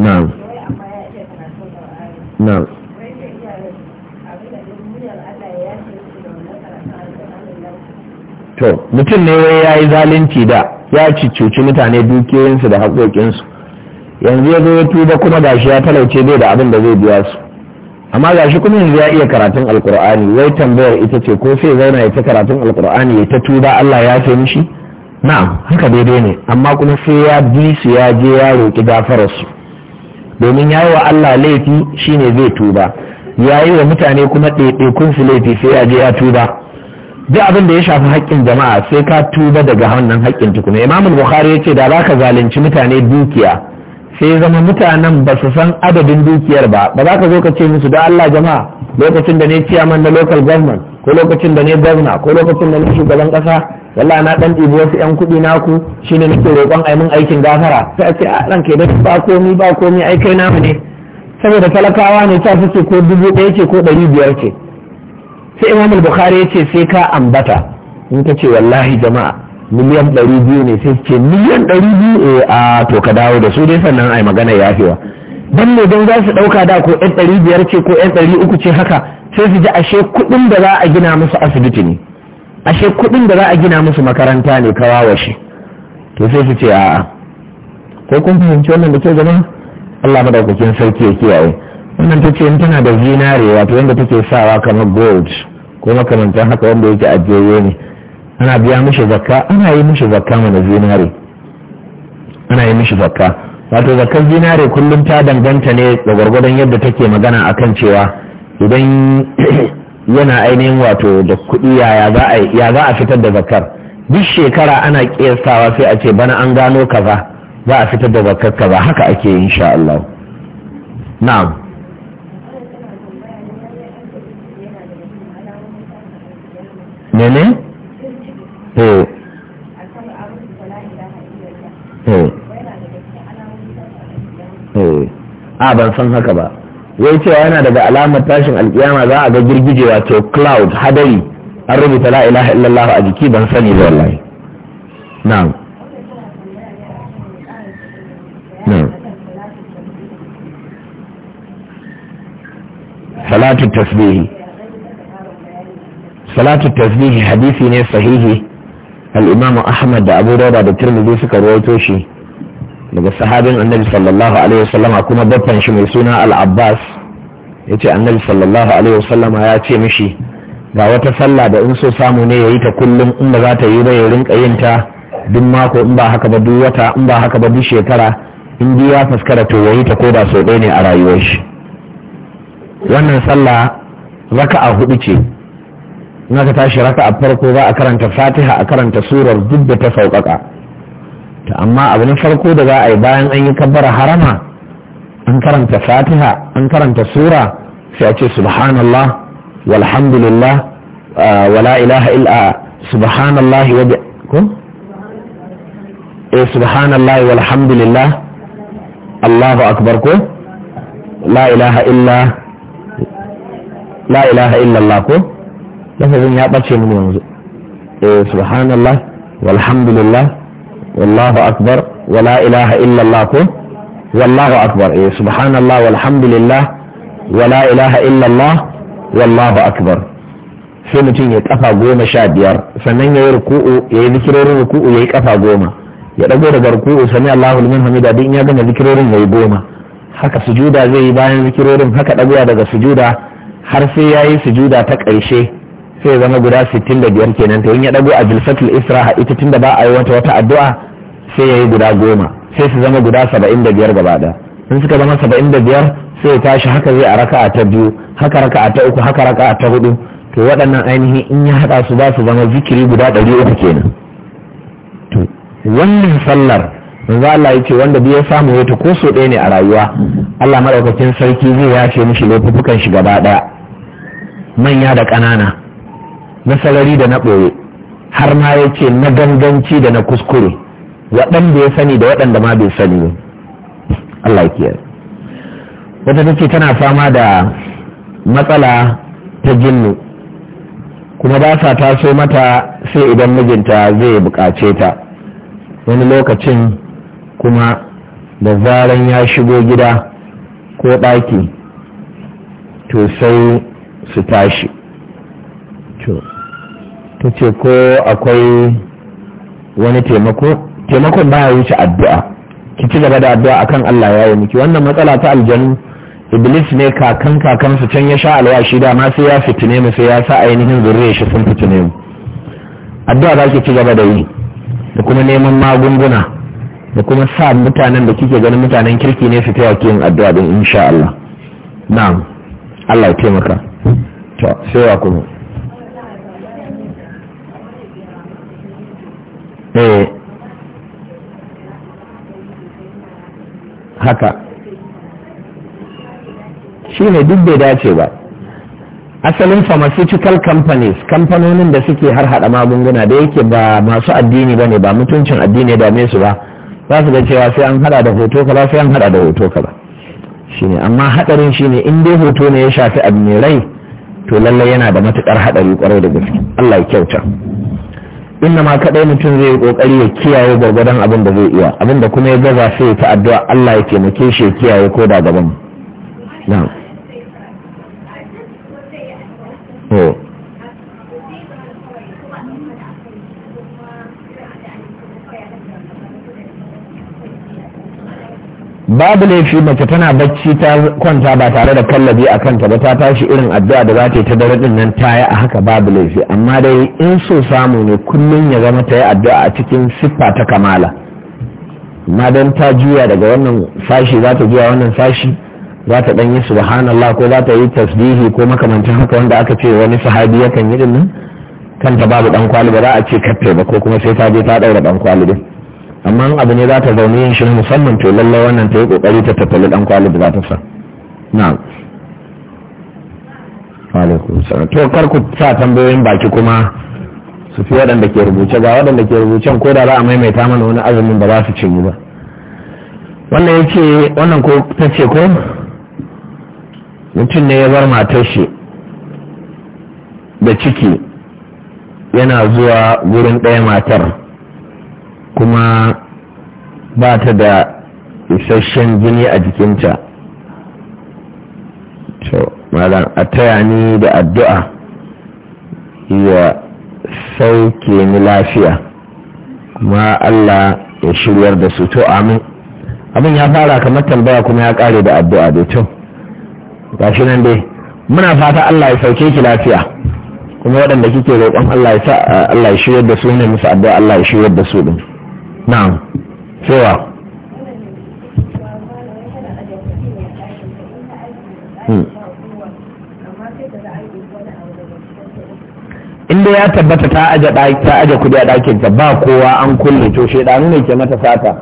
na'am na'am na'am to mutum ne wai ya yi zalunci da ya cuci mutane dukiyoyinsu da haƙoƙinsu yanzu ya zo ya tuba kuma gashi ya talauce bai da abin da zai biya su amma gashi kuma yanzu ya iya karatun Alƙur'ani, wai tambayar ita ce ko sai zauna ya ta karatun Alƙur'ani ya ta tuba Allah ya ce mishi na'am haka daidai ne amma kuma sai ya bi su ya je ya roƙi su. domin ya yi wa Allah laifi shine zai tuba ya yi wa mutane kuma ɗaiɗaikun su laifi sai ya je ya tuba duk abin da ya shafi haƙƙin jama'a sai ka tuba daga hannun haƙƙin tukuna imam bukhari ya ce da za ka zalunci mutane dukiya sai zama mutanen ba su san adadin dukiyar ba ba za ka zo ka ce musu da allah jama'a lokacin da ne ciyaman na local government ko lokacin da ne gwamna ko lokacin da ne shugaban ƙasa wallahi na ɗan ɗibi wasu yan kuɗi naku shine nake roƙon a min aikin gafara sai a ce a ɗan kai ba komi ba komi ai kai namu ne saboda talakawa ne ta suke ko dubu ɗaya ce ko ɗari biyar ce sai imam bukhari ya ce sai ka ambata in ka ce wallahi jama'a miliyan ɗari biyu ne sai ce miliyan ɗari biyu eh, a to ka dawo da su dai sannan ai magana yafewa dan ne don za su ɗauka da ko yan ɗari biyar ce ko yan ɗari uku ce haka sai su ji ashe kuɗin da za a gina musu asibiti ne ashe kuɗin da za a gina musu makaranta ne kawawa shi to sai su ce a'a ko kun fahimci wannan da ke zama Allah madaukakin sarki ya kiyaye wannan ta ce tana da zinare wato yadda take sawa kamar gold ko makamantan haka wanda yake ajiye ne ana biya mishi zakka ana yi mishi zakka mana zinare ana yi mishi zakka wato zakkar zinare kullum ta danganta ne da gwargwadon yadda take magana akan cewa idan [coughs] yana ainihin wato da kuɗi ya za a fitar da zakkar duk shekara ana ƙesawa sai a ce bana an gano kaza za a fitar da zakkar kaza haka ake insha Allah na'am mene to a ban san haka ba wai cewa yana daga alamar tashin alkiyama za a ga girgijewa to cloud hadari an rubuta la ilaha illallah a jiki ban sani ba wallahi na'am salatu tasbihi salatu tasbihi hadisi ne sahihi al-imamu ahmad da abu dauda da tirmidhi suka rawaito shi daga sahabin annabi sallallahu alaihi wasallama kuma babban shi mai suna al-abbas ya ce annabi sallallahu alaihi wasallama ya ce mishi ga wata sallah da in so samu ne ya yi ta kullum in ba za ta yi ba ya rinka yin ta duk mako in ba haka ba duk wata in ba haka ba duk shekara in dai ya fuskara to ya yi ta koda sau ɗaya ne a rayuwar shi wannan sallah raka'a hudu ce in aka tashi raka a farko za a karanta fatiha a karanta surar duk da ta sauƙaƙa ta amma abu na farko da za a yi bayan an yi kabbar harama an karanta fatiha an karanta sura sai a ce subhanallah walhamdulillah wala ilaha illa subhanallah wa bi eh subhanallah walhamdulillah Allahu akbar ko la ilaha illa la ilaha illa Allah ko lafazin ya ɓace mu yanzu eh subhanallah walhamdulillah wallahu akbar wala ilaha illallah ko wallahu akbar eh subhanallah walhamdulillah wala ilaha illallah wallahu akbar sai mutum ya kafa goma sha biyar sannan ya yi ruku'u ya yi zikirorin ruku'u ya yi kafa goma ya ɗago daga ruku'u sami Allahu liman hamida din ya gama zikirorin ya yi goma haka sujuda zai yi bayan zikirorin haka ɗagowa daga sujuda har sai ya yi sujuda ta ƙarshe sai zama guda 65 kenan to in ya dago a jilsatul israha ita tunda ba a yi wata wata addu'a sai ya yi guda goma sai su zama guda 75 gaba da in suka zama 75 sai ya tashi haka zai a raka'a ta biyu haka raka'a ta uku haka raka'a ta hudu to waɗannan ainihin in ya haɗa su za su zama zikiri guda ɗari uku kenan to wannan sallar manzo Allah ya ce wanda biyu bai samu wata ko so ɗaya ne a rayuwa Allah madaukakin sarki zai yace mishi laifukan shi gaba ɗaya manya da ƙanana na salari da na ɓoye har ma ya ce na ganganci da na kuskure waɗanda ya sani da waɗanda ma bai sani ba Allah ya wata ta ce tana fama da matsala ta jinnu kuma ba sa taso mata sai idan mijinta zai buƙace ta wani lokacin kuma da zaran ya shigo gida ko ɗaki to sai su tashi ta ce ko akwai wani taimako taimakon baya wuce addu'a ki ci gaba da addu'a akan Allah ya yi miki wannan matsala ta aljanu iblis ne kakan kakan su can ya sha alwashi da ma sai ya fitine mu sai ya sa ainihin zurre shi sun fitine mu addu'a za ki ci gaba da yi da kuma neman magunguna da kuma sa mutanen da kike ganin mutanen kirki ne su taya ki yin addu'a din insha Allah na'am Allah ya taimaka to sai wa kuma eh haka shi ne duk bai dace ba asalin pharmaceutical companies kamfanonin da suke har hada magunguna da yake ba masu addini ba ne ba mutuncin addini da su ba za su ga cewa sai an hada da hoto kaza sai an hada da hoto kaza shine amma hadarin shine in dai hoto ne ya shafi abu mai rai to lallai yana da matukar hadari kwarai da gaske Allah ya kyauta inna ma kadai mutum zai yi kokari ya kiyaye gwargwadon abin da zai iya abin da kuma ya gaza sai ya ta addu'a Allah ya taimake shi ya kiyaye ko da gaban na'am oh. babu laifi mace tana bacci ta kwanta ba tare da kallabi a kanta ba ta tashi irin addu'a da za ta yi ta dare din nan ta yi a haka babu laifi amma dai in so samu ne kullum ya zama ta yi addu'a a cikin siffa ta kamala amma don ta juya daga wannan sashi za ta juya wannan sashi za ta ɗan yi subhanallah ko za ta yi tasbihi ko makamancin haka wanda aka ce wani sahabi yakan yi din nan kanta babu ɗan kwali ba za a ce kafe ba ko kuma sai ta je ta ɗaura ɗan kwali din amma abu ne za ta zaune yin shi musamman to lallai wannan ta yi kokari ta tattali dan kwali da za ta sa na'am alaikum salam to kar ku sa tambayoyin baki kuma su fi waɗanda ke rubuce ga waɗanda ke rubucen ko da za a maimaita mana wani azumin ba za su ce ba wannan yake wannan ko ta ce ko mutum ne ya bar matar shi da ciki yana zuwa gurin ɗaya matar kuma ba ta da isasshen jini a jikinta to malam a taya ni da addu'a ya sauke ni lafiya kuma Allah ya shiryar da su to amin abin ya fara kamar tambaya kuma ya kare da addu'a da to gashi nan dai muna fata Allah ya sauke ki lafiya kuma waɗanda kike roƙon Allah ya sa Allah ya shiryar da su ne musu addu'a Allah ya shiryar da su din na'am cewa hmm. inda ya tabbata ta aje ta aje kudi a ɗakin ta ba kowa an kulle to shedanu ne ke mata sata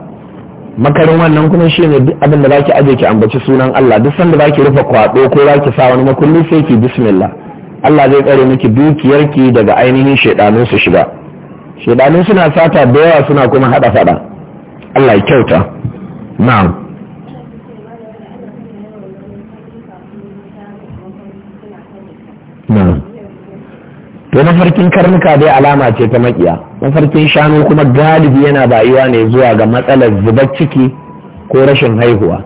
makarin wannan kuma shi ne duk abin da zaki aje ki ambaci sunan Allah duk sanda zaki rufe kwado ko zaki sa wani makulli sai ki bismillah Allah zai tsare miki dukiyarki daga ainihin shedanu su shiga shedanu suna sata da yawa suna kuma hada fada Allah kyauta na'am to mafarkin karnuka dai alama ce ta makiya mafarkin shanu kuma galibi yana bayuwa ne zuwa ga matsalar zubar ciki ko rashin haihuwa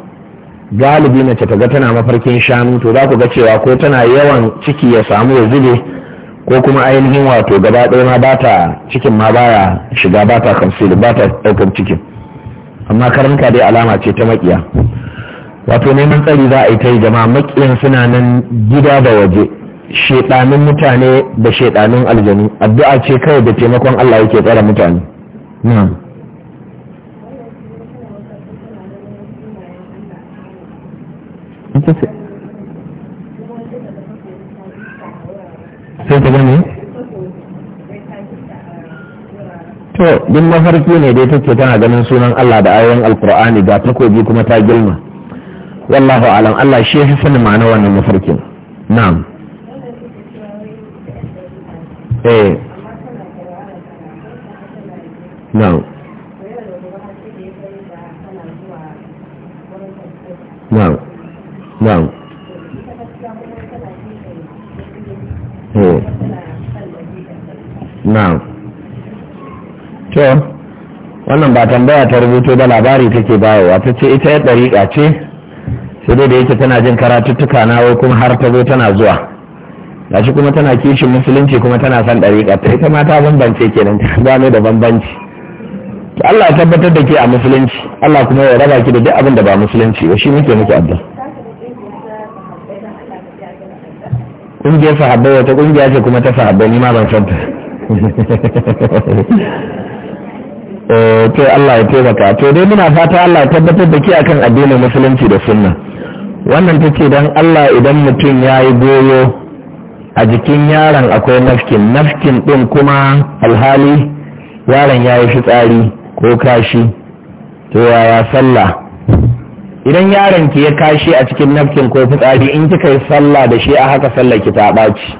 galibi mace ta ga tana mafarkin shanu to za ku ga cewa ko tana yawan ciki ya samu ya zube ko kuma ainihin wato gaba ɗaya ma ba ta cikin ma baya shiga ba ta kamsil ba ta ɗaukar cikin amma karanta dai alama ce ta maƙiya wato neman tsari za a yi ta yi jama'a maƙiyan suna nan gida da waje shedanin mutane da shedanin aljanu addu'a ce kawai da taimakon Allah yake tsara mutane ita sai ta gane to din mafarki ne dai take tana ganin sunan Allah da ayoyin alkur'ani ga takobi kuma ta gilma wallahu alam Allah shi ya sani ma'ana wannan mafarkin na'am eh na'am na'am na'am Hmm. na'am to wannan ba tambaya ta rubuto ba labari take bayowa ta ce ita ya ɗariƙa ce sai dai da yake tana jin karatuttuka na wai kuma har ta zo tana zuwa gashi kuma tana kishin musulunci kuma tana son ɗariƙa ta ita ma ta bambance kenan ta gano da bambanci Allah ya tabbatar da ke a musulunci Allah kuma ya raba ki da duk abin da ba musulunci ba shi muke muke addu'a kungiyar sahabbai wata kungiya ce kuma ta sahabbai ni ma ban san ta eh, to Allah ya taimaka to dai muna fata Allah ya tabbatar da ke akan addinin musulunci da sunna wannan take dan Allah idan mutum ya yi goyo a jikin yaron akwai nafkin nafkin din kuma alhali yaron ya yi fitsari ko kashi to yaya sallah idan yaron ki ya kashi a cikin nafkin ko fitsari in kika yi sallah da shi a haka sallar ki ta ɓaci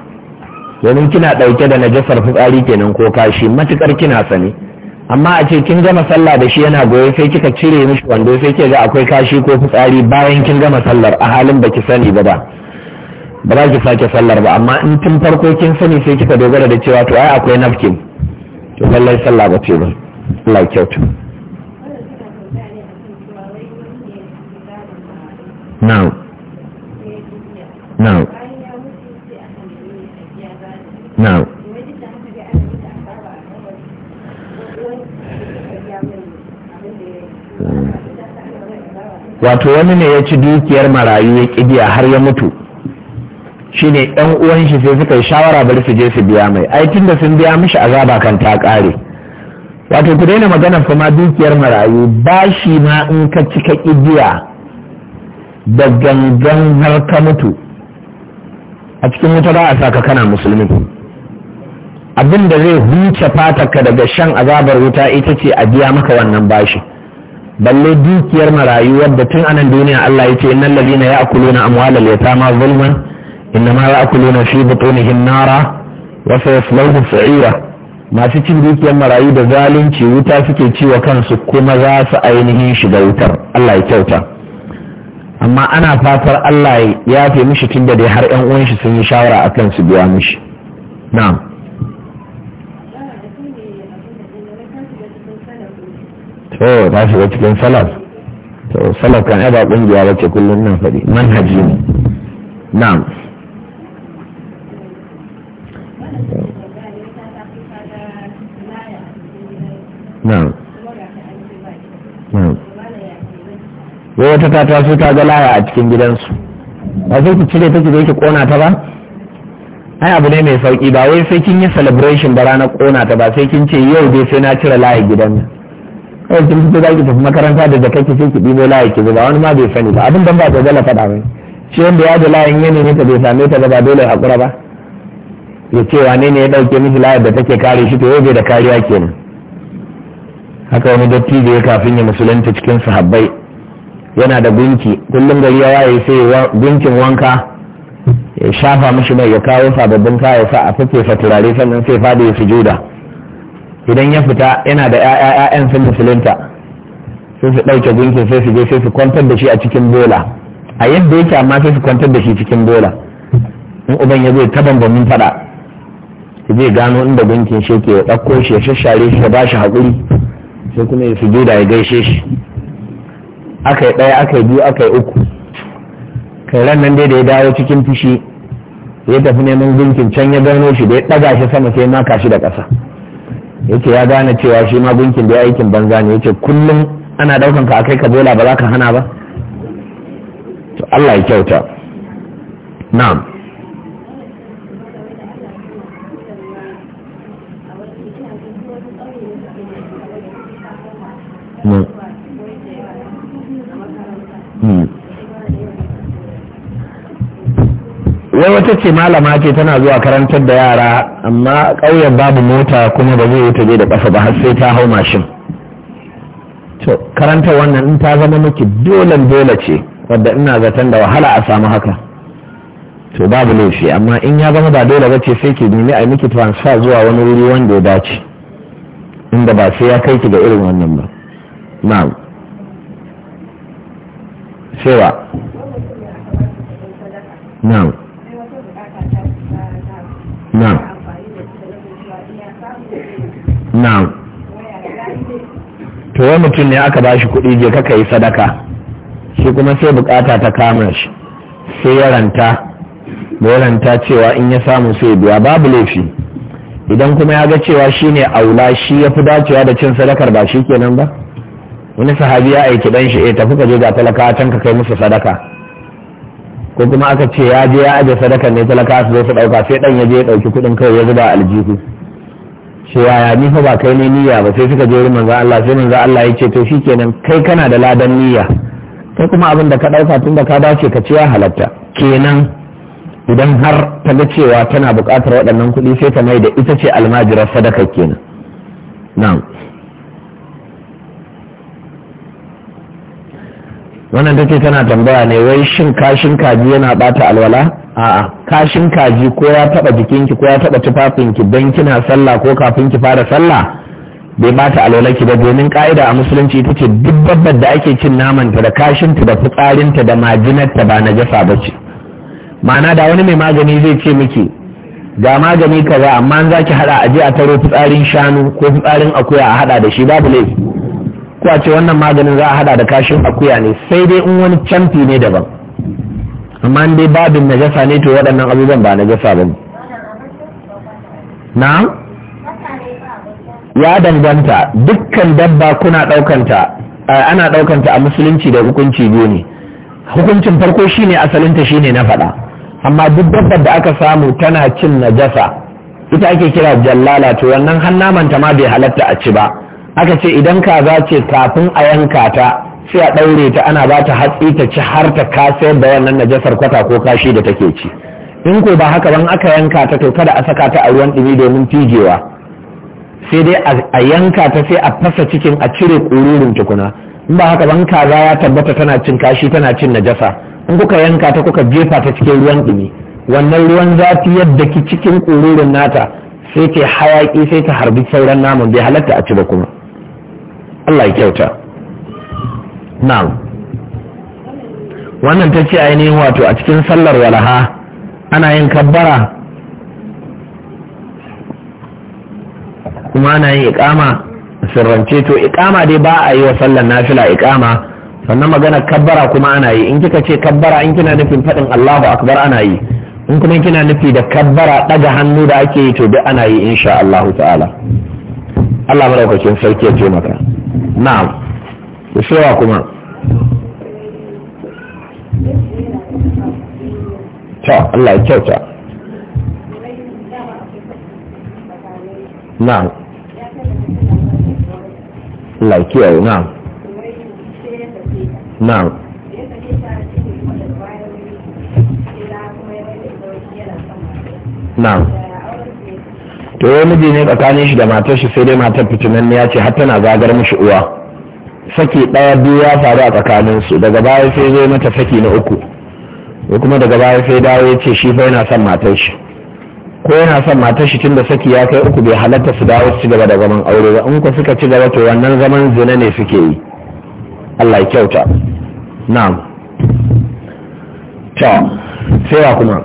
domin kina ɗauke da najasar fitsari kenan ko kashi matukar kina sani amma a ce kin gama sallah da shi yana goye sai kika cire mishi wando sai ke ga akwai kashi ko fitsari bayan kin gama sallar a halin baki sani ba da ba za ki sake sallar ba amma in tun farko kin sani sai kika dogara da cewa to ai akwai nafkin to lallai sallah ba ce ba Allah kyautu wato wani ne ya ci dukiyar marayu ya kibiya har ya mutu shi ne ɗan uwan shi sai suka yi shawara bari su je su biya mai ai tun da sun biya mishi azaba kan ta ƙare wato ku daina magana kuma dukiyar marayu bashi ma in ka cika kibiya da gangan har ka mutu a cikin wuta ba a sa ka kana musulmi abin da zai huce fatarka daga shan azabar wuta ita ce a biya maka wannan bashi balle dukiyar marayu wadda tun anan duniya Allah ya ce innal ladina ya'kuluna amwalal yatama zulman innama ya'kuluna fi butunihim nara wa sayaslawhu sa'ira masu cin dukiyar marayu da zalunci wuta suke ciwa kansu kuma za su ainihin shiga wutar Allah ya kyauta amma ana fatar Allah ya fi mishi tun da dai har yan uwan shi sun yi shawara a kan su biya mishi na'am to ta shiga cikin salaf to salaf kan ai ba kungiya ba ce kullum nan faɗi manhaji ne na'am na'am na'am wai wata ta taso ta ga laya a cikin gidansu ba sai ku cire take da yake kona ta ba ai abu ne mai sauki ba wai sai kin yi celebration da ranar kona ta ba sai kin ce yau dai sai na cire laya gidan nan kawai kin fito za ki tafi makaranta da da ki sai ki dibo laya ki zuba wani ma bai sani ba abin dan ba ta zala faɗa mai shi wanda ya ji layin ya ne ta bai same ta ba ba dole ya haƙura ba ya ce wane ne ya ɗauke miki layar da take kare shi to yau bai da kariya kenan haka wani dattijo ya kafin ya musulunta cikin sahabbai yana da gunki kullum gari ya waye sai gunkin wanka ya shafa mishi mai ya kawo sababbin kaya sa a sa turare sannan sai fada ya sujuda idan ya fita yana da ƴaƴa ƴaƴan sun musulunta sai su ɗauke gunkin sai su je sai su kwantar da shi a cikin bola a yadda yake amma sai su kwantar da shi cikin bola in uban ya zo ta bambamin fada zai gano inda gunkin shi ke ya ɗauko shi ya shashare shi ya ba shi haƙuri sai kuma ya sujuda ya gaishe shi aka yi ɗaya aka yi biyu aka yi uku kai ran nan dai da ya dawo cikin fushi ya tafi neman gunkin can ya gano shi da ya ɗaga shi sama sai maka shi da ƙasa yake ya gane cewa shi ma gunkin da ya aikin banza ne yace kullum ana ɗaukan ka akai ka bola ba za ka hana ba to Allah ya kyauta na'am sai wata ce malama ce tana zuwa karantar da yara amma ƙauyen babu mota kuma ba zai wuta je da ƙasa ba har sai ta hau mashin to karanta wannan in ta zama miki dolen dole ce wadda ina zaton da wahala a samu haka to babu laifi amma in ya zama ba dole ba ce sai ki nemi a miki transfer zuwa wani wuri wanda ya dace inda ba sai ya kai ki da irin wannan ba na'am cewa na'am na'am to wani mutum ne aka bashi kuɗi je kaka yi sadaka shi kuma sai bukata ta kama shi sai ya ranta ya ranta cewa in ya samu sai biya babu laifi idan kuma ya ga cewa shi ne aula shi ya fi dacewa da cin sadakar ba shi kenan ba wani sahabi ya aiki dan shi eh tafi ka je ga talaka can ka kai musu sadaka ko kuma aka ce ya je ya aje sadakar ne talaka su zo su dauka sai dan ya je ya dauki kudin kai ya zuba aljihu shi ya ni fa ba kai ne niyya ba sai suka je manzo Allah sai manzo Allah ya ce to shikenan kai kana da ladan niyya kai kuma abin da ka ɗauka tun da ka dace ka ce ya halatta kenan idan har ta ga cewa tana buƙatar waɗannan kuɗi sai ta mai da ita ce almajirar sadaka kenan na'am wannan ce tana tambaya ne wai shin kashin kaji yana bata alwala a'a kashin kaji ko ya taba jikinki ko ya taba tufafinki don kina sallah ko kafin ki fara sallah bai bata alwala ki ba domin ka'ida a musulunci ita ce duk babbar da ake cin namanta da kashinta da fitsarinta da majinarta ba na jasa ba ce ma'ana da wani mai magani zai ce miki ga magani kaza amma za ki hada je a taro fitsarin shanu ko fitsarin akuya a hada da shi babu laifi ko a ce wannan maganin za a hada da kashin akuya ne sai dai in wani camfi ne daban amma in dai babin najasa ne to waɗannan abubuwan ba najasa ba na ya danganta dukkan dabba kuna ɗaukanta ana ɗaukanta a musulunci da hukunci biyu ne hukuncin farko shine asalinta shine na faɗa amma duk dabbar da aka samu tana cin najasa ita ake kira jallala to wannan hannamanta ma bai halatta a ci ba aka ce idan kaza ce kafin a yanka ta sai a ɗaure ta ana ba ta hatsi ta ci har ta kasayar da wannan najasar kwata ko kashi da take ci in ko ba haka ban aka yanka ta to kada a saka ta a ruwan ɗumi domin tijewa sai dai a yanka ta sai a fasa cikin a cire ƙururin tukuna in ba haka ban kaza ya tabbata tana cin kashi tana cin najasa in kuka yanka ta kuka jefa ta cikin ruwan ɗumi wannan ruwan zafi yadda ki cikin ƙururin nata sai ke hayaƙi sai ta harbi sauran naman bai halatta a ci ba kuma Allah ya kyauta na'am wannan ta ce ainihin wato a cikin sallar walaha ana yin kabbara kuma ana yin ikama sirrance to ikama dai ba a yi wa sallar nafila ikama sannan magana kabbara kuma ana yi in kika ce kabbara in kina nufin faɗin Allahu akbar ana yi in kuma kina nufi da kabbara ɗaga hannu da ake yi to duk ana yi insha Allahu ta'ala Allah madaukakin sarki ya ce maka na'am da shewa kuma ta Allah ya kyauta na'am Allah ya kiyaye na'am na'am na'am to wai miji ne tsakanin shi da matar shi sai dai matar fitinan ya ce har tana zagar mishi uwa saki ɗaya biyu ya faru a tsakanin su daga baya sai zai mata saki na uku ko kuma daga baya sai dawo ya ce shi fa yana son matar shi ko yana son matar shi tunda saki ya kai uku bai halatta su dawo su ci gaba da zaman aure ba in ku suka ci gaba to wannan zaman zina ne suke yi Allah ya kyauta na'am ta sai kuma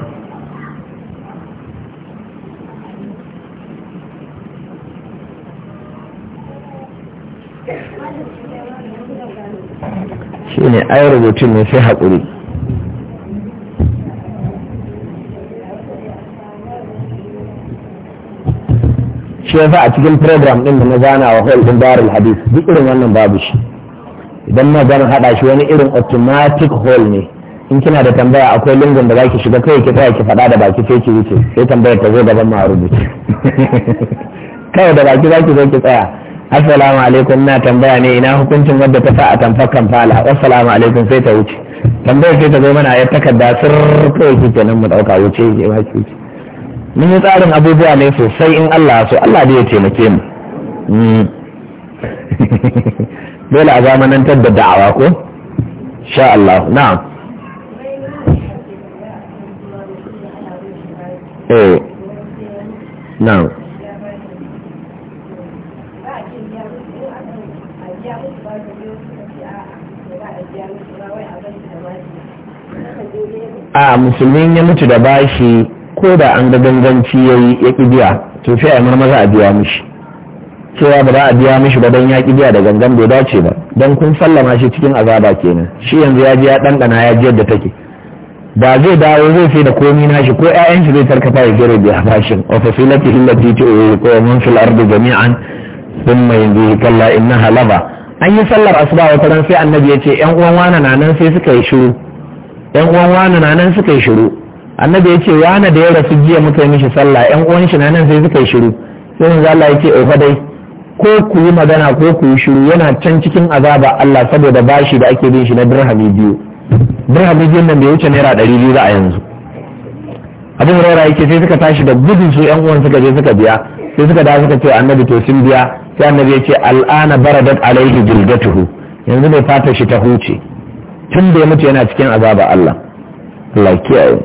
shi ne ai rubutun ne sai haƙuri shi yasa a cikin program ɗin da na zana wa hol ɗin barul hadis duk irin wannan babu shi idan na gana haɗa shi wani irin automatic hol ne in kina da tambaya akwai lingon da zaki shiga kai ki tsaya ki faɗa da baki sai ki wuce sai tambayar ta zo gaban ma rubuce [laughs] kawai da baki zaki zo ki tsaya assalamu alaikum na tambaya ne ina hukuncin wadda ta sa a tamfar kamfala assalamu alaikum sai ta wuce tambayar sai ta zo mana ya takarda sir kawai shi kenan mu dauka wuce ya ba ki wuce mun yi tsarin abubuwa ne sosai in Allah so Allah da ya taimake mu hmm. [laughs] dole a zamanantar da da'awa ko sha Allah na'am eh, na'am a musulmin ya mutu da bashi ko da an ga ganganci ya yi ya ƙi biya to sai a marmaza a biya mishi cewa ba za a biya mishi ba don ya ƙi biya da gangan bai dace ba don kun sallama shi cikin azaba kenan shi yanzu ya ji ya ɗanɗana ya ji yadda take Ba zai dawo zai sai da komi na shi ko ƴaƴan shi zai tarkata ya gare biya bashin wa fasilati illati tu'i ko min fil ardi jami'an thumma yanzu kalla innaha laba an yi sallar asuba wata sai annabi ya ce ƴan uwan wana nan sai suka yi shiru yan uwan wani na nan suka yi shiru annabi ya ce wani da ya rasu jiya muka yi mishi sallah yan uwan shi na nan sai suka yi shiru sai manzo Allah ya ce ofa dai ko ku yi magana ko ku yi shiru yana can cikin azaba Allah saboda bashi da ake bin shi na dirhami biyu dirhami biyun nan bai wuce naira ɗari biyu a yanzu abin raura yake sai suka tashi da gudun su yan uwan suka je suka biya sai suka dawo suka ce annabi to sun biya sai annabi ya ce al'ana baradat alaihi tuhu yanzu mai fata shi ta huce tun da ya mutu yana cikin azaba Allah Allah kiyaye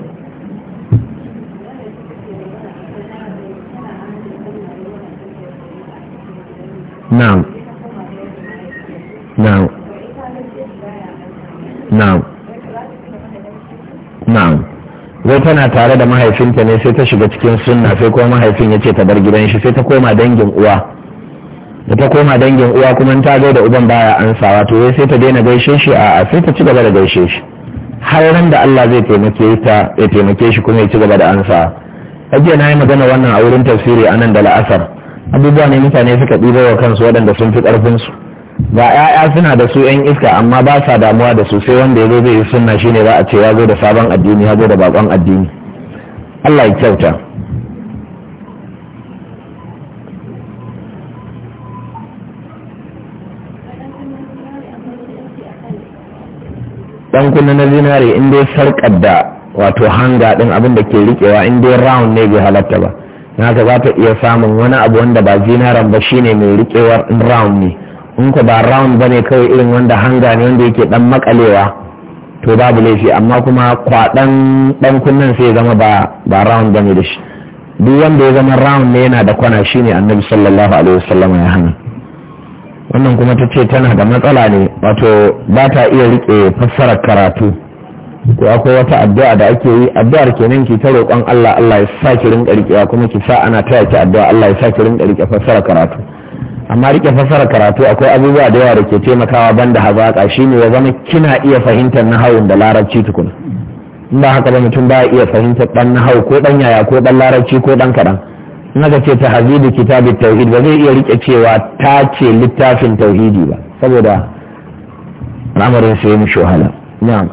na'am zai tana tare da mahaifinta ne sai ta shiga cikin sunna sai kuma mahaifin ya ce ta bar gidan shi sai ta koma dangin uwa da ta koma dangin uwa kuma ta da uban baya ansawa to ya sai ta daina gaishe shi a sai ta ci gaba da gaishe shi har ran da Allah zai taimake ta ya taimake shi kuma ya ci gaba da ansa ajiya na yi magana wannan a wurin tafsiri anan da la'asar abubuwa ne mutane suka ɗiba wa kansu waɗanda sun fi su ga 'ya'ya suna da su 'yan iska amma ba sa damuwa da su sai wanda ya zo zai yi sunna shine za a ce ya zo da sabon addini ya zo da bakon addini Allah ya kyauta dan kunna na zinare in dai sarƙar da wato hanga din abin da ke rikewa in dai round ne bai halatta ba naka za ta iya samun wani abu wanda ba zinaren ba shine mai rikewar round ne in ku ba round ba ne kawai irin wanda hanga ne wanda yake dan makalewa to babu laifi amma kuma kwaɗan dan kunnan sai zama ba ba round ba ne da shi duk wanda ya zama round ne yana da kwana shine annabi sallallahu alaihi wasallam ya hana wannan kuma ta ce tana da matsala ne wato ba ta iya rike fassarar karatu ko akwai wata addu'a da ake yi addu'ar kenan ki ta roƙon Allah Allah ya sa ki rinka rikewa kuma ki sa ana taya ki addu'a Allah ya sa ki rinka rike fassarar karatu amma rike fassarar karatu akwai abubuwa da yawa da ke taimakawa banda hazaka shine ya zama kina iya fahimtar nahawun da larabci tukuna in ba haka ba mutum ba iya fahimtar dan nahawu ko dan yaya ko dan larabci ko dan kadan naga ce ta hadidu kitabin tauhid ba zai iya rike cewa ta ce littafin tauhidi ba saboda ramarin su yi shohala na'am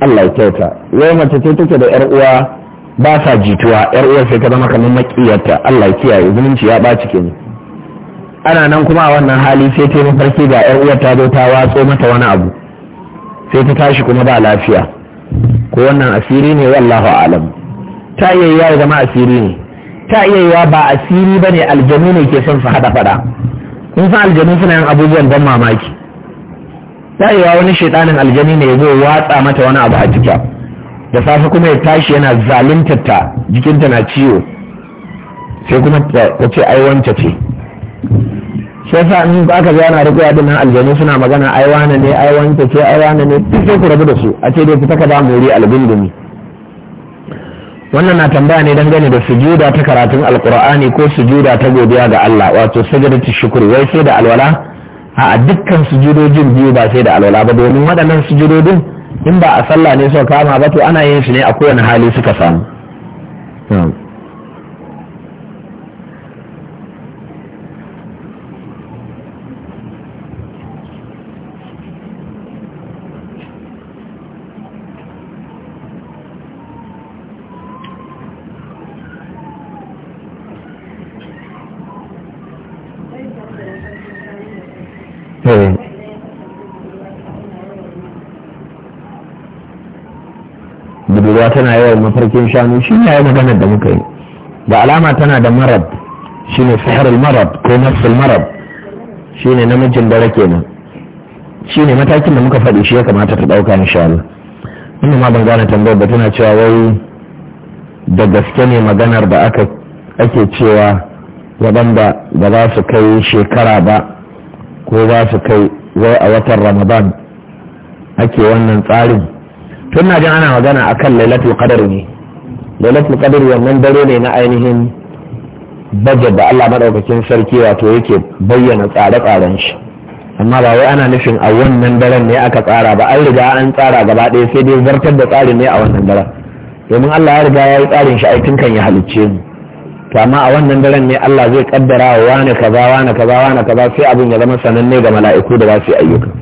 Allah ya kyauta yau mace ce take da 'yar uwa ba sa jituwa yar uwar sai ta zama kamar makiyarta Allah kiyaye zumunci ya ɓaci kenan ana nan kuma a wannan hali sai ta mafarki ga yar uwar ta zo ta watso mata wani abu sai ta tashi kuma ba lafiya ko wannan asiri ne wallahu alam ta iya ya zama asiri ne ta iya yiwa ba asiri ba ne aljanu ne ke son su haɗa faɗa kun san aljanu suna yin abubuwan ban mamaki ta iya wani shaitanin aljani ne ya zo watsa mata wani abu a cikin da safe kuma ya tashi yana zaluntar ta jikinta na ciwo sai kuma ta ce ai wance ce sai sa in aka zana yana da kuwa nan aljanu suna magana ai wane ne ai wance ce ai wane ne duk sai ku rabu da su a ce dai fita ka ba muri albindumi wannan na tambaya ne dangane da sujuda ta karatun alkur'ani ko sujuda ta godiya ga Allah wato sajadatu shukri wai sai da alwala a dukkan sujudojin biyu ba sai da alwala ba domin waɗannan sujudodin in ba a sallah ne suka kama ba to ana yin shi ne a kowane hali suka samu Hey. Eh. budurwa tana yawan mafarkin shanu shi ne ya maganar da muka yi da alama tana da marab shi ne sahar marab ko nafsul marab shi ne namijin dare kenan shi ne matakin da muka faɗi shi ya kamata ta ɗauka insha Allah inda ma ban gane tambayar ba tana cewa wai da gaske ne maganar da aka ake cewa waɗanda ba za su kai shekara ba ko za su kai wai a watan ramadan ake wannan tsarin tun na jin ana magana a kan lailatul qadar ne lailatul qadar wannan dare ne na ainihin bajet da Allah madaukakin sarki wato yake bayyana tsare-tsaren shi amma ba wai ana nufin a wannan daren ne aka tsara ba an riga an tsara gaba ɗaya sai dai zartar da tsarin ne a wannan daren domin Allah ya riga ya yi tsarin shi aikin kan ya halicce mu to amma a wannan daren ne Allah zai kaddara wa wani kaza wani kaza wani kaza sai abin ya zama sananne ga mala'iku da za su yi ayyuka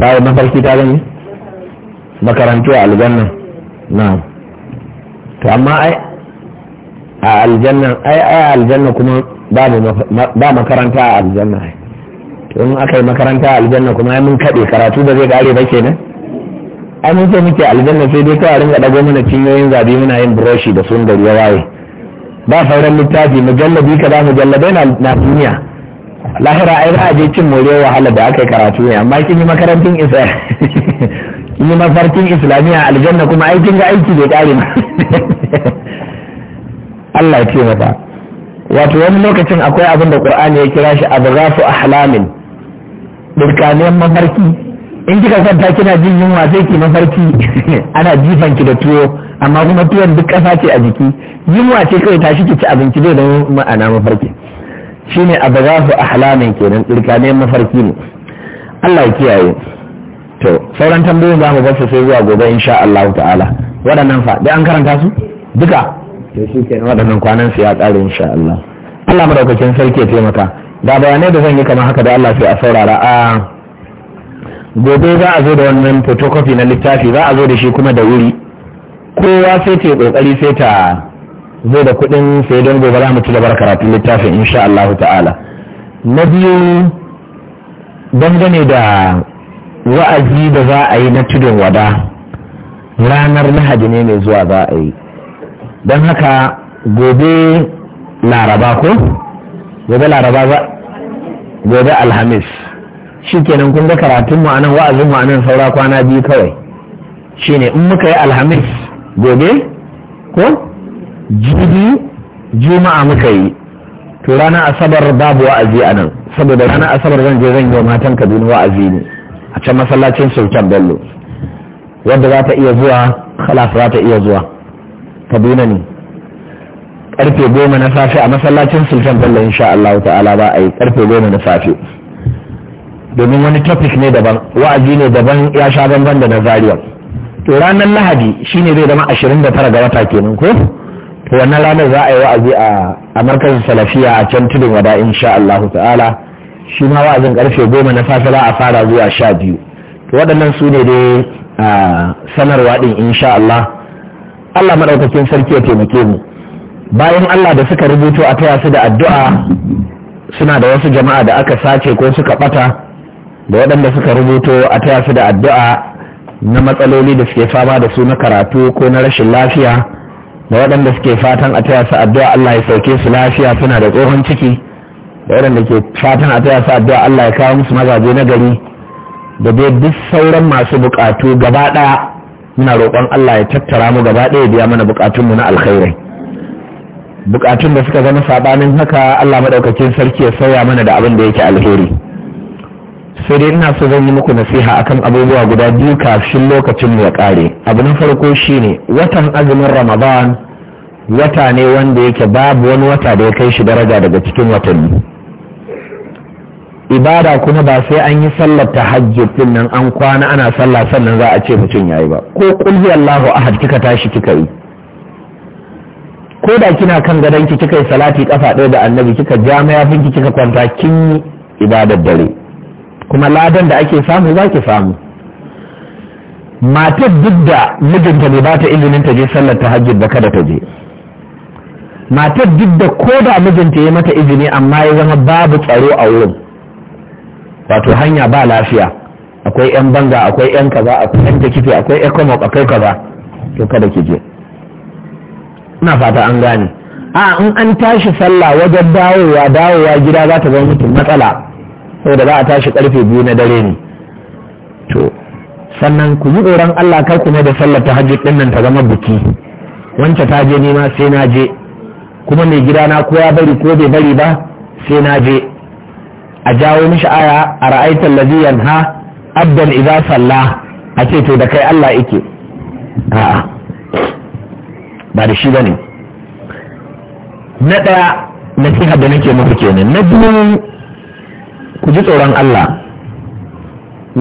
ta yi mafarki ta gani makarantu a aljanna na to amma ai a aljanna ai a aljanna kuma ba makaranta a aljanna ai to in aka yi makaranta a aljanna kuma ya mun kaɗe karatu da zai gare ba kenan ai mun so muke aljanna sai dai kawai ringa dago mana cinyoyin zabi muna yin buroshi da sun gari ya waye ba sauran littafi mujallabi ka ba mujalladai na duniya lahira ai za a je cin more wahala da aka yi karatu ne amma kin yi makarantun isa kin yi mafarkin islamiyya aljanna kuma ai kin ga aiki bai kare ba Allah ya ce mata wato wani lokacin akwai abin da qur'ani ya kira shi abghafu ahlamin burkaniyan mafarki in kika kwanta kina jin yunwa sai ki mafarki [laughs] ana jifan ki da tuwo amma kuma tuwon duk kasa ce a jiki yunwa ce kawai tashi ki ci abinci bai da ma'ana mafarki shine a ahlamin kenan tsirkane mafarki ne Allah ya kiyaye to sauran tambayoyin za mu bar su sai zuwa gobe insha Allah ta'ala waɗannan fa dai an karanta su duka to shi kenan waɗannan kwanan su ya tsare insha Allah Allah madaukakin sarki ya taimaka da bayanai da zan yi kamar haka da Allah sai a saurara a gobe za a zo da wannan photocopy na littafi za a zo da shi kuma da wuri kowa sai ta yi kokari sai ta zai da kuɗin sai don gobe za mu ci gaba karatun littafin insha Allah ta'ala na biyu dangane da wa'azi da za a yi na tudun wada ranar lahadi ne mai zuwa za a yi don haka gobe laraba ko gobe laraba za gobe alhamis shi kenan kun ga karatunmu a nan wa'azin mu a nan saura kwana biyu kawai shine in muka yi alhamis gobe ko jibi juma'a muka yi to ranar asabar babu wa'azi a nan saboda ranar asabar zan je zan yi wa matan kaduna wa'azi ne a can masallacin sultan bello wanda za ta iya zuwa khalas za ta iya zuwa kaduna ne karfe goma na safe a masallacin sultan bello insha Allah ta'ala ba a yi karfe goma na safe domin wani topic ne daban wa'azi ne daban ya sha bamban da na zariya to ranar lahadi shine zai zama 29 ga wata kenan ko wannan ranar za a yi wa'azi a markazin salafiya a can tudun wada insha Allah ta'ala shi ma wa'azin karfe goma na safe za a fara zuwa sha biyu waɗannan su ne dai a sanarwa ɗin insha Allah Allah maɗaukakin sarki ya taimake mu bayan Allah da suka rubuto a taya su da addu'a suna da wasu jama'a da aka sace ko suka ɓata da waɗanda suka rubuto a taya su da addu'a na matsaloli da suke fama da su na karatu ko na rashin lafiya da waɗanda suke fatan a taya su addu'a Allah ya sauke su lafiya suna da tsohon ciki da waɗanda ke fatan a taya su addu'a Allah ya kawo musu mazaje na gari da dai duk sauran masu buƙatu gaba ɗaya muna roƙon Allah ya tattara mu gaba ɗaya biya mana buƙatunmu na alkhairai buƙatun da suka zama saɓanin haka Allah maɗaukakin sarki ya sauya mana da abin da yake alheri sai dai ina so zan yi muku nasiha akan abubuwa guda biyu kafin lokacin mu ya kare abu na farko shine watan azumin ramadan wata ne wanda yake babu wani wata da ya kai shi daraja daga cikin watanni ibada kuma ba sai an yi sallar tahajjud din nan an kwana ana sallah sannan za a ce mutum yayi ba ko qul Allahu ahad kika tashi kika yi ko da kina kan gadon ki kika yi salati kafa ɗaya da annabi kika ja mayafinki kika kwanta kin yi ibadar dare kuma ladan da ake samu za ki samu matar duk da mijinta ba bata izinin ta je sallar ta hajji ba kada ta je matar duk da ko da mijinta ya mata izini amma ya zama babu tsaro a wurin wato hanya ba lafiya akwai yan banga akwai yan kaza akwai yan takife akwai ecomoc akwai kaza to kada ki je ina fata an gane a in an tashi sallah wajen dawowa dawowa gida za ta zama mutum matsala saboda za a tashi karfe biyu na dare ne to sannan ku yi tsoron Allah kar ku mai da sallar Hajji din nan ta zama buki. wance ta je ni sai na je kuma mai gida na ko ya bari ko bai bari ba sai na je a jawo mishi aya a ra'aitar ladhi yanha abdan idza salla a ce to da kai Allah yake a'a ba da shi bane na daya nasiha da nake muku kenan na biyu ku ji tsoron Allah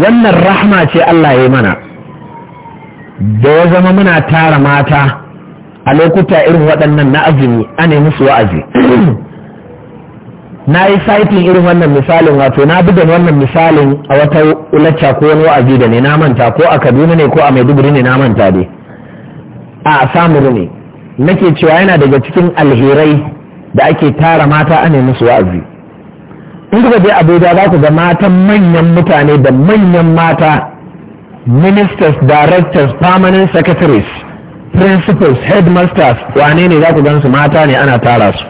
wannan rahma ce Allah ya yi mana da ya zama muna tara mata a lokuta irin waɗannan na azumi a ne musu wa'azi na yi saitin irin wannan misalin wato na bi da wannan misalin a wata ulacca ko wani wa'azi da ne na manta ko a kaduna ne ko a maiduguri ne na manta dai a samuru ne nake cewa yana daga cikin alherai da ake tara mata a ne musu wa'azi in kuka je abuja za ku ga matan manyan mutane da manyan mata ministers directors permanent secretaries principals headmasters wane ne za ku gan su mata ne ana tara su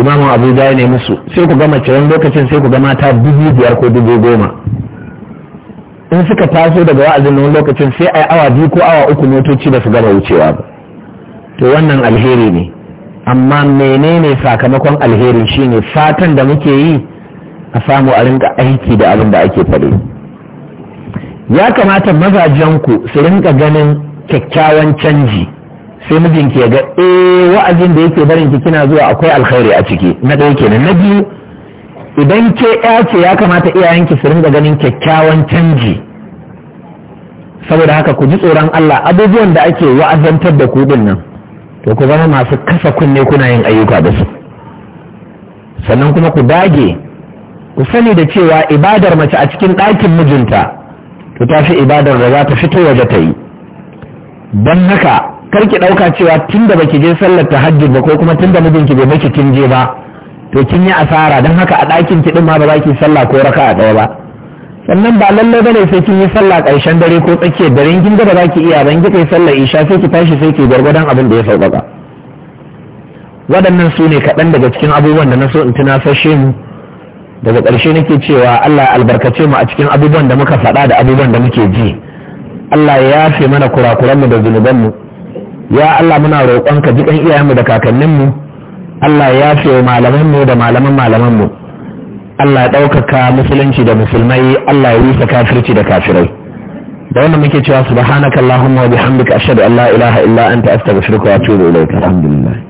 imamu abuja ya nemi su sai ku gama mace lokacin sai ku ga mata dubu biyar ko dubu goma in suka taso daga wa'azin nan lokacin sai a awa biyu ko awa uku motoci ba su gama wucewa ba to wannan alheri ne amma menene sakamakon alherin shine fatan da muke yi a samu a rinka aiki da abin da ake fare ya kamata mazajenku su rinka ganin kyakkyawan canji sai mijinki ya ga eh wa'azin da yake barin ki kina zuwa akwai alkhairi a ciki na ɗaya kenan na biyu idan ke ya ce ya kamata iyayenki su rinka ganin kyakkyawan canji saboda haka ku ji tsoron Allah abubuwan da ake wa'azantar da ku din nan to ku zama masu kasa kunne kuna yin ayyuka da su sannan kuma ku dage ku sani da cewa ibadar mace a cikin ɗakin mijinta to ta fi ibadar da za ta fito waje ta yi don haka karki ɗauka cewa tun da baki je sallar ta hajjin ba ko kuma tun da mijinki bai maki kin je ba to kin yi asara don haka a ɗakin ki ma ba za ki sallah ko raka a ɗaya ba sannan ba lallai bane sai kin yi sallah ƙarshen dare ko tsakiyar dare kin ga za ki iya ban kika yi sallar isha sai ki tashi sai ki gwargwadon abin da ya sauƙaƙa waɗannan su ne kaɗan daga cikin abubuwan da na so in tunasashe mu daga ƙarshe nake cewa Allah ya albarkace mu a cikin abubuwan da muka faɗa da abubuwan da muke ji Allah ya yafe mana kurakuranmu da zunubanmu ya Allah muna roƙonka iyayen iyayenmu da kakanninmu Allah ya yafe wa malamanmu da malaman malamanmu Allah ya ɗaukaka musulunci da musulmai Allah ya rusa kafirci da kafirai da wannan muke cewa subhanakallahumma wa bihamdika ashhadu an la ilaha illa anta astaghfiruka wa atubu ilayk alhamdulillah